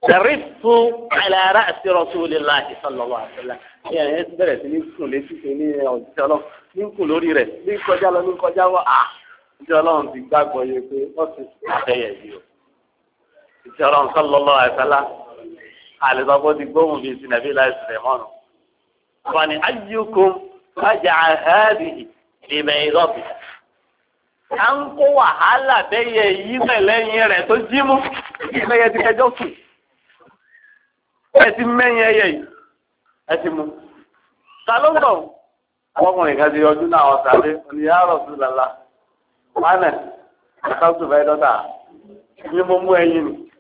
tẹ̀rífù àìlára àti rasulillahi sallallahu alaihi wasallam ní ẹ̀ bẹ̀rẹ̀ sí ní kùn létí sí ní ọ̀dìtẹ́ ọlọ́run ní kùn lórí rẹ̀ ní kọjá lọ ní kọjá wọ à ìdí ọlọ́run ti gbàgbọ́ yẹ pé wọ́n ti àfẹ́yẹ̀ yìí o ìdí ọlọ́run sallallahu alaihi wasallam àlùbọ́bọ́ ti gbóhùn bíi sinabi láì sùlẹ̀mọ́nù wọn ni ayyukum fàjà àhádìí lèmẹ̀ ìrọ́bì à ń kó wàhálà bẹ́yẹ yìí pẹ̀lẹ́yìn rẹ̀ tó jí mú ìgbẹ́yẹ ti kẹjọ́ sùn. ẹ ti mẹ́yìn ẹyẹ yìí ẹ ti mú ta ló ń bọ̀ ọkùnrin kan ti náà lọ́la wánẹ̀ dọ́tà mo mú ẹyin ni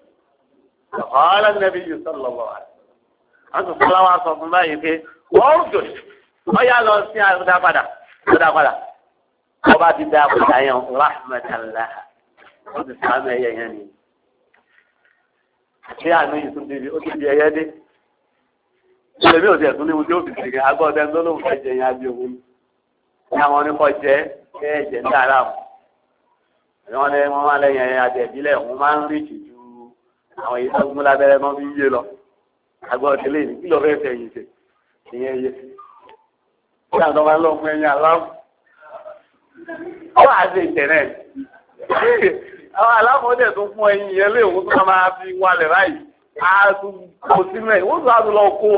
ọ̀hánà nẹ́bí yìí lọ́wọ́ tún sọ fún báyìí pé wọ́n jò ọ lọ sí padà padà ọba ti dá yẹn rahmatulah ti sàmì ẹyẹ yẹn nìyí. ṣé àánú yìí tún bíbí ó ti di ẹyẹ dé ilé mi ò tiẹ̀ tún ní mo tí ó fi ṣèké agbọ́dẹ tó lóun fẹ́ jẹ yẹn abí òun ní àwọn oníkọ̀ jẹ́ kẹ́ ẹ̀jẹ̀ ń dára mu àwọn ọ̀nà wọn máa lẹ́yìn ẹ̀yìn àtẹ̀bílẹ̀ wọn máa ń rí ìtìjú àwọn èyí tó gún lábẹ́rẹ́ mọ́ bí yé lọ agbọ́dẹ lè ní kí lọ́ọ́ fẹ́ fẹ̀yìn ṣe ìyẹn yé kí àwọn ọmọ lọ́ọ́ ẹ̀yìn aláwọ̀ àwọn tó fún ẹyin yẹn òun tó máa fi wálẹ̀ báyìí àtún kò sínú ẹ̀ wọ́n tó àtún kó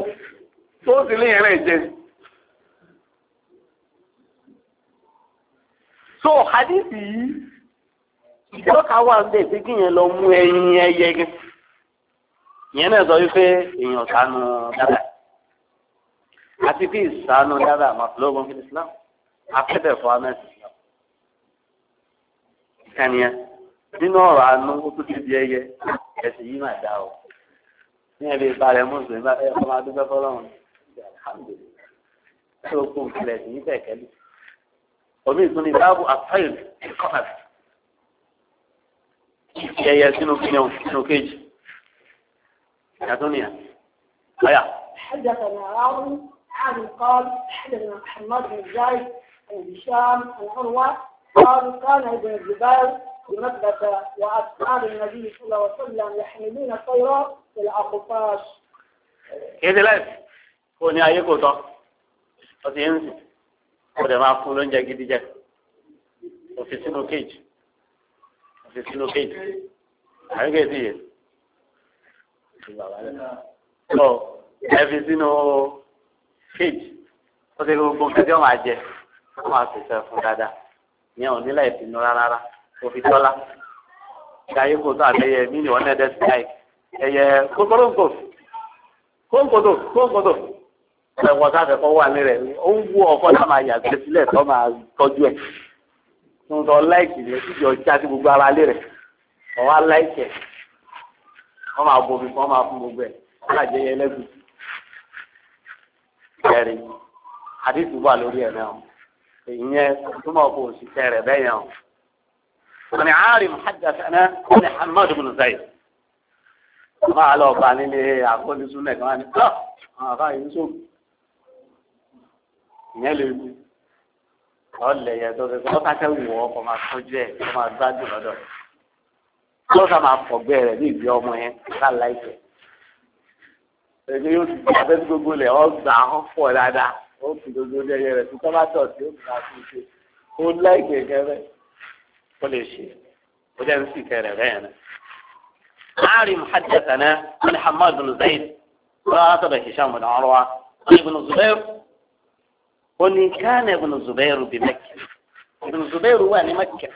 tó sì lé yẹn jẹ. so hadith yìí ìjọka wà ń bẹ̀ pé kí yẹn lọ mú ẹyin ẹyẹ gẹ́gẹ́ ìyẹn náà sọ wípé èèyàn sànù dáadáa àti bí ìsànù dáadáa màfúlógún fún Islam afẹ́bẹ̀ fún amẹ́sì Islam nínú ọ̀rọ̀ àánú ó tún ti di ẹyẹ ẹ̀sìn yìí máa dá o ní ẹ̀rí ipa rẹ̀ mùsùlùmí bá fẹ́ ọmọ adúgbò fọlọ́run ṣé o kún ìpìlẹ̀ ẹ̀sìn yìí fẹ̀kẹ́ omi ìtún ni báàbù àfáìl ìkọ́nàbì ìfi ẹyẹ sínú kíni o sínú kéjì yàtọ̀ nìyà ọ̀yà. حدثنا عمرو عن قال حدثنا محمد بن زايد عن هشام عن عروه قال كان ابن بمكة وأصحاب النبي صلى الله عليه وسلم يحملون الطير في الأقفاش kéde láì kó ní ayé kò tọ́ ọtí yẹn ń sìn kó dẹ̀ máa fún lóúnjẹ gidi jẹ òfin sínú kéèjì òfin sínú kéèjì àríkè sí yẹ tó ẹfi sínú kéèjì ó ti gbogbo kẹjọ máa jẹ ó máa pèsè fún dáadáa ní ọ̀nílẹ̀ ìpinnu rárá òfin tọ́lá ìdáyé kò tó àtẹyẹ mí ni wọ́n nẹ́ẹ̀dẹ́ sí láì ẹyẹ kókóróńkò kóńkòtò kóńkòtò ẹ̀wọ̀n sáfẹ́ kọ́ wà ní rẹ̀ ó ń wú ọkọ̀ náà máa yàgbẹ́ sílẹ̀ tó máa tọ́jú ẹ̀ ń sọ láìkì ní ìdí ọjà sí gbogbo ara lé rẹ̀ ọ̀wá láìkì ẹ̀ wọ́n máa bomi kọ́ máa fún gbogbo ẹ̀ wọ́n máa jẹ́ yẹn lẹ́gùn. ẹ̀rí àdìsí wà lórí ẹ̀ náà ìyẹn túmọ̀ kò sì tẹ̀ bẹ́yẹn o. عن عالم حدثنا عن حماد بن زيد قال له قال لي اقول سنه كمان اه قال يوسف يلي قال لي يا دوله ما تعتوي هو ما سجل ما زاد لدو ló sá máa fọgbẹ́ rẹ̀ ní ìdí ọmọ yẹn ká láìpẹ́ èdè yóò ti gba abẹ́tí gbogbo lẹ̀ ọ́ gbà ọ́ fọ̀ dáadáa ó fi gbogbo lẹ́yẹ rẹ̀ tó tọ́ bá tọ̀ sí ó fi máa fi ṣe ó láìpẹ́ kẹfẹ́. ó lè ṣe ó jẹ́ عالي محدثنا من ni. عن حماد بن زيد راتب هشام بن عروة عن ابن الزبير وإن كان ابن الزبير بمكة ابن الزبير هو مكة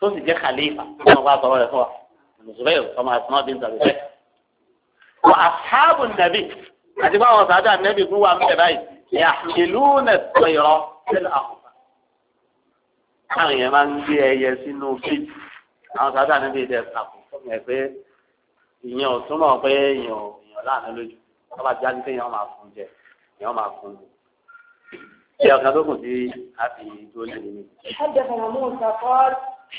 توزي جاء خليفة أنا بقى هو ابن الزبير طبعا أسماء بنت أبي بكر وأصحاب النبي هذه بقى وصعدها النبي هو بايت يحملون الطيرة في الأرض táwọn èèyàn máa ń gbé ẹyẹ sínú bíi àwọn sábà níbi ìdẹ àpò fún ẹ pé ìyẹn ò túmọ̀ pé èèyàn èèyàn láàánú lójú wọn bá jáde pé èèyàn máa fún jẹ èèyàn máa fún jẹ. ṣé ọ̀kan tó kù sí àti dúró lè nínú. حدثنا موسى قال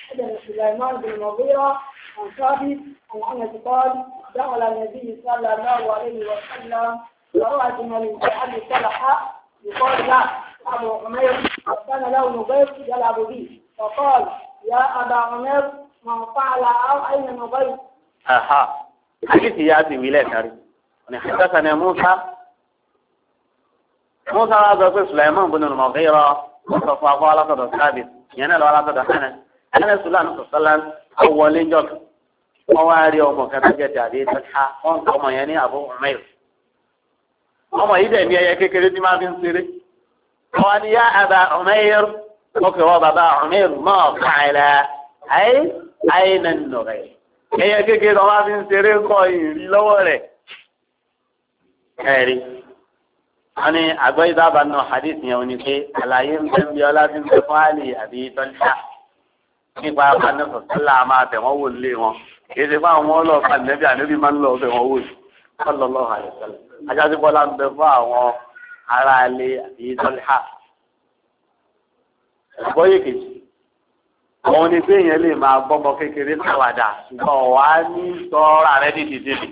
حدثنا سليمان بن المغيرة عن ثابت حسن له نبيل يلعب به فقال يا أبا عمر من فعل أو أين نبيل أها حديث يأتي بلا شريك حدثنا موسى موسى هذا سليمان بن المغيرة وصفى على صدر ثابت ينال على صدر حنس أنا سلان صلى الله عليه وسلم أول جوك أواري أو مكتبة جديد فتحة أنت أمياني أبو عمير ọmọ yìí dẹ̀ ní ẹyẹ kékeré tí máa fi ń ṣeré àwọn ni yá àbá Umair ókè wọ́n bàbá Umair máa fàìlà ayé ayé nà nù rẹ̀ ẹyẹ kékeré ọmọ fi ń ṣeré kọ ìrìn lọ́wọ́ rẹ̀ ẹ̀rí wọ́n ní àgbọ̀ ìdábà náà hadith yẹn wọ́n ní pé àlàyé ń bẹ́ ń bí ọlá fi ń bẹ fún àlè àbí tọ́lá nípa afanisọ̀ sílá máa tẹ̀ wọ́n wò lé wọn kìí ṣe fáwọn ọlọ́ọ̀fà nẹ́bí ara lé àbí dọ́líhà ìgbọ́yè kejì àwọn ni pé èèyàn lè máa gbọ́mọ kékeré sàwàdà ṣùgbọ́n wà á ní sọ́ra rẹ ní dìde lè.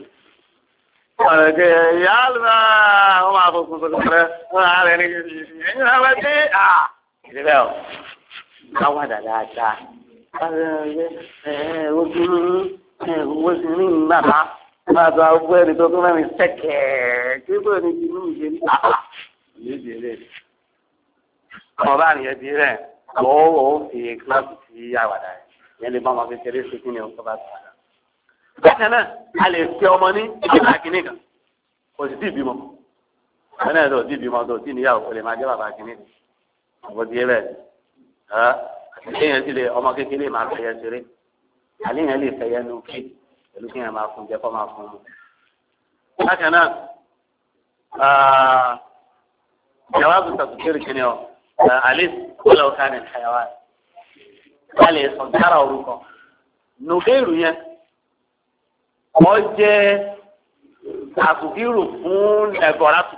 ọ̀rẹ́dẹ̀ yálà wọ́n máa wọ́n á rẹ̀ ní ẹ̀yìn o dáadáa. owó ní máa sọ agbó ẹni tó tún mẹ́rin sẹ́kẹ̀ẹ́ kí ló ní ti mú ìṣe ní àpá ìlédè rẹ̀. ọmọ bá nìyẹn ti rẹ̀ ọ̀ ọ̀ fi kíláàsì sí àwàdà rẹ̀ yẹn lè bá ọmọ kékeré ṣe kí ni ọkọ bá ti padà. bákan náà a lè fi ọmọ ní bàbá kìíní kan kò sì tí ì bímọ bẹ́ẹ̀ náà tó tí bímọ tó tí níyàwó kò lè máa jẹ́ bàbá kìíní ọ̀pọ̀ ti yẹ bẹ́ẹ̀ ni ọmọ kékeré máa fẹ́yẹ ṣeré àléèyàn lè fẹ́yẹ nù kéèkì pẹ̀lú kí yẹn máa fún jẹ́ kọ́ máa fún un. bákan náà jawabu tasukiri kini o alif kóla ọ̀ka ni hayawa a lè sọ dára orúkọ nùbẹ́rù yẹn ọ jẹ́ tasukiri fún ẹ̀gọ́ràtù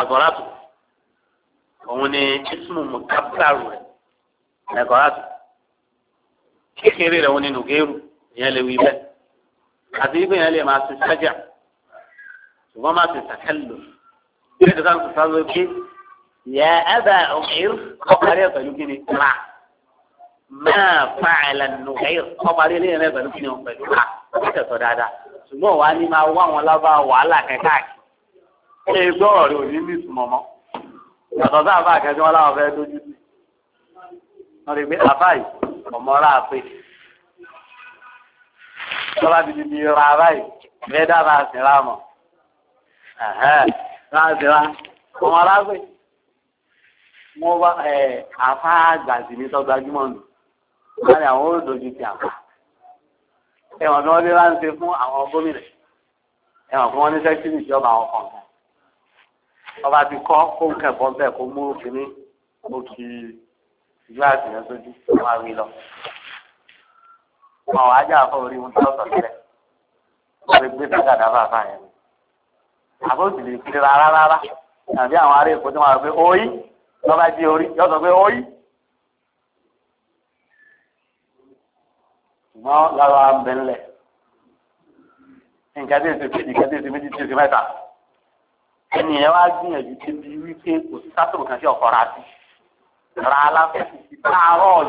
ẹ̀gọ́ràtù òun ni ismu mutabaru ẹ̀gọ́ràtù kékeré rẹ̀ òun ni nùbẹ́rù ìyẹn lè wí bẹ́ẹ̀ àti wípé ìyẹn lè máa ṣe sájà ṣùgbọ́n máa ṣe sàkẹ́lò bí ẹ̀ka ń sọ̀tà ló gbé yẹ ẹ̀bà ọ̀gbìn ọ̀parí ẹ̀ pẹ̀lú kíni ra máa fa ẹ̀lẹ́nu ẹ̀yìn ọ̀parí ẹ̀lẹ́yìn rẹ̀ pẹ̀lú kíni pẹ̀lú ra ó tẹ̀sọ̀ dáadáa ṣùgbọ́n wàá ní máa wá àwọn lábá wàhálà kẹ́kàkì ṣé gbọ́rọ̀ rẹ̀ ò ní ìtumọ̀ mọ́ yàtọ̀ sáà bá àkẹ́jọ́ láwọn fẹ́ dójú sí i tọ́lá ti di di ra báyìí bẹ́ẹ̀ dábà àṣírà mọ̀ àṣírà ọmọ alágbè wọ́n bá àfa àgbàsì ní tọ́gbà jùmọ̀ nù wọ́n ní àwọn olódojú ti àfa ẹ̀wọ̀n tí wọ́n dé láǹṣe fún àwọn gómìnà ẹ̀wọ̀n fún wọn ní sẹ́kítírì ìjọba àwọn kọ̀ọ̀kan ọba ti kọ́ kó ń kẹ̀kọ́ bẹ́ẹ̀ kó mú kínní mo kì í gíláàsì sójú wọ́n á wí lọ ọ̀ ajá àfọ orí wọn tó sọ̀tẹ̀ lórí gbé sàgàdà bàbá yẹn àbójì lè fi rárá rárá tàbí àwọn ará èkó tó máa rò pé orí lọ́ba jí orí yóò sọ pé orí. ṣùgbọ́n lára wa ń bẹ ńlẹ̀ nǹkan tí èsì méjì nǹkan tí èsì méjì tí èsì mẹ́ta ènìyàn wá gbìyànjú débi wípé kò sí kan sí ọ̀kọ́ra sí rárá fẹ́ẹ́ sì ti bá àárọ̀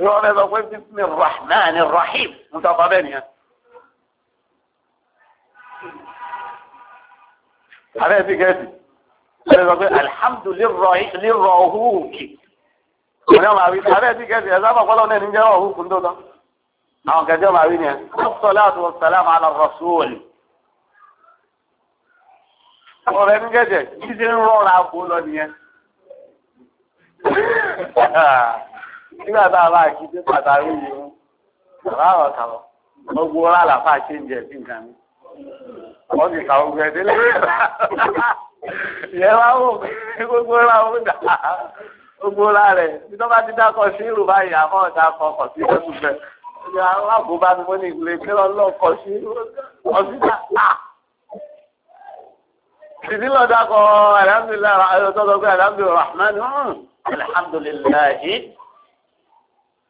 يقول هذا هو بسم الرحمن الرحيم متقابلين يعني حبيبي كده الحمد للرهوك انا ونعم عبيد حبيبي كده اذا ما قالوا ان نجا هو كنت ده نعم كده ما عبيد يعني نعم. الصلاه والسلام على الرسول ọ̀rẹ́ ní gẹ́gẹ́ jíjẹ́ ń rọra àpò lọ nìyẹn nígbà tá a bá kí pé pàtàkì yìí ó bàbá àwọn kà gbogbo ọ̀rá àlàfà ṣe ń jẹ sí nǹkan mi wọ́n ti kà ó délé ìyẹn wá wò pé gbogbo ọ̀rá ó dà gbogbo ọ̀rá rẹ̀ nígbà bá ti dákọ̀ sí ìrù báyìí àmọ́ ọ̀dà kọkọ̀ sí ẹ̀kú bẹ̀ ní àwọn àbúbá ni ìgbìlẹ̀ pé ọlọ́kọ̀ sí ọ̀sídà ìdí lọ́dà kọ alhamdulilayi alhamdulilayi alhamdulilayi.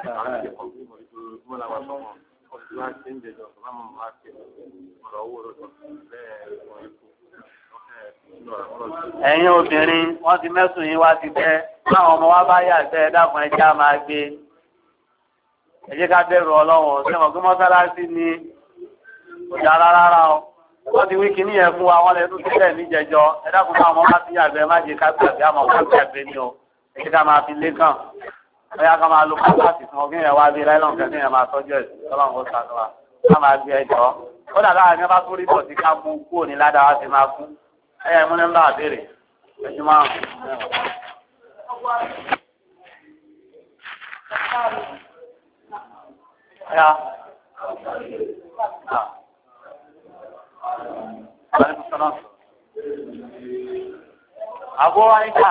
ẹ̀yin obìnrin wọ́n ti mẹ́sùn yín wá ti pẹ́ báwọn ọmọ wa bá yà sẹ́ dákun ẹja máa gbé ẹ jẹ́ ká bẹ̀rù ọlọ́wọ́ sẹ́wọ̀n pé mọ́sálásí ni kò dára rárá o wọ́n ti wí kíní yẹn fún wa wọ́n lẹ́nu sílẹ̀ níjẹjọ ẹ dákun báwọn ọmọ bá ti yàgbẹ́ má jẹ́ ká gbàgbé àmọ́ ká gbàgbé ni o ẹ ká máa fi lé kàn ọ̀yá ká máa lo pàtàkì fún ọgbìn yẹn wá bí láìlọ́n kẹ́kẹ́ yẹn máa tọ́jú ẹ̀ ọlọ́run ó sànú wa ká máa gbé ẹjọ́ ó dàda àmì bá tó rí bọ̀ sí ká mú kúrò ní ládàá wá sí máa kú ẹ̀yà ìmúlẹ̀ ńlá àbèrè ẹjú máa ń. Ah. àbúrò wa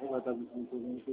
nígbà tó ní pé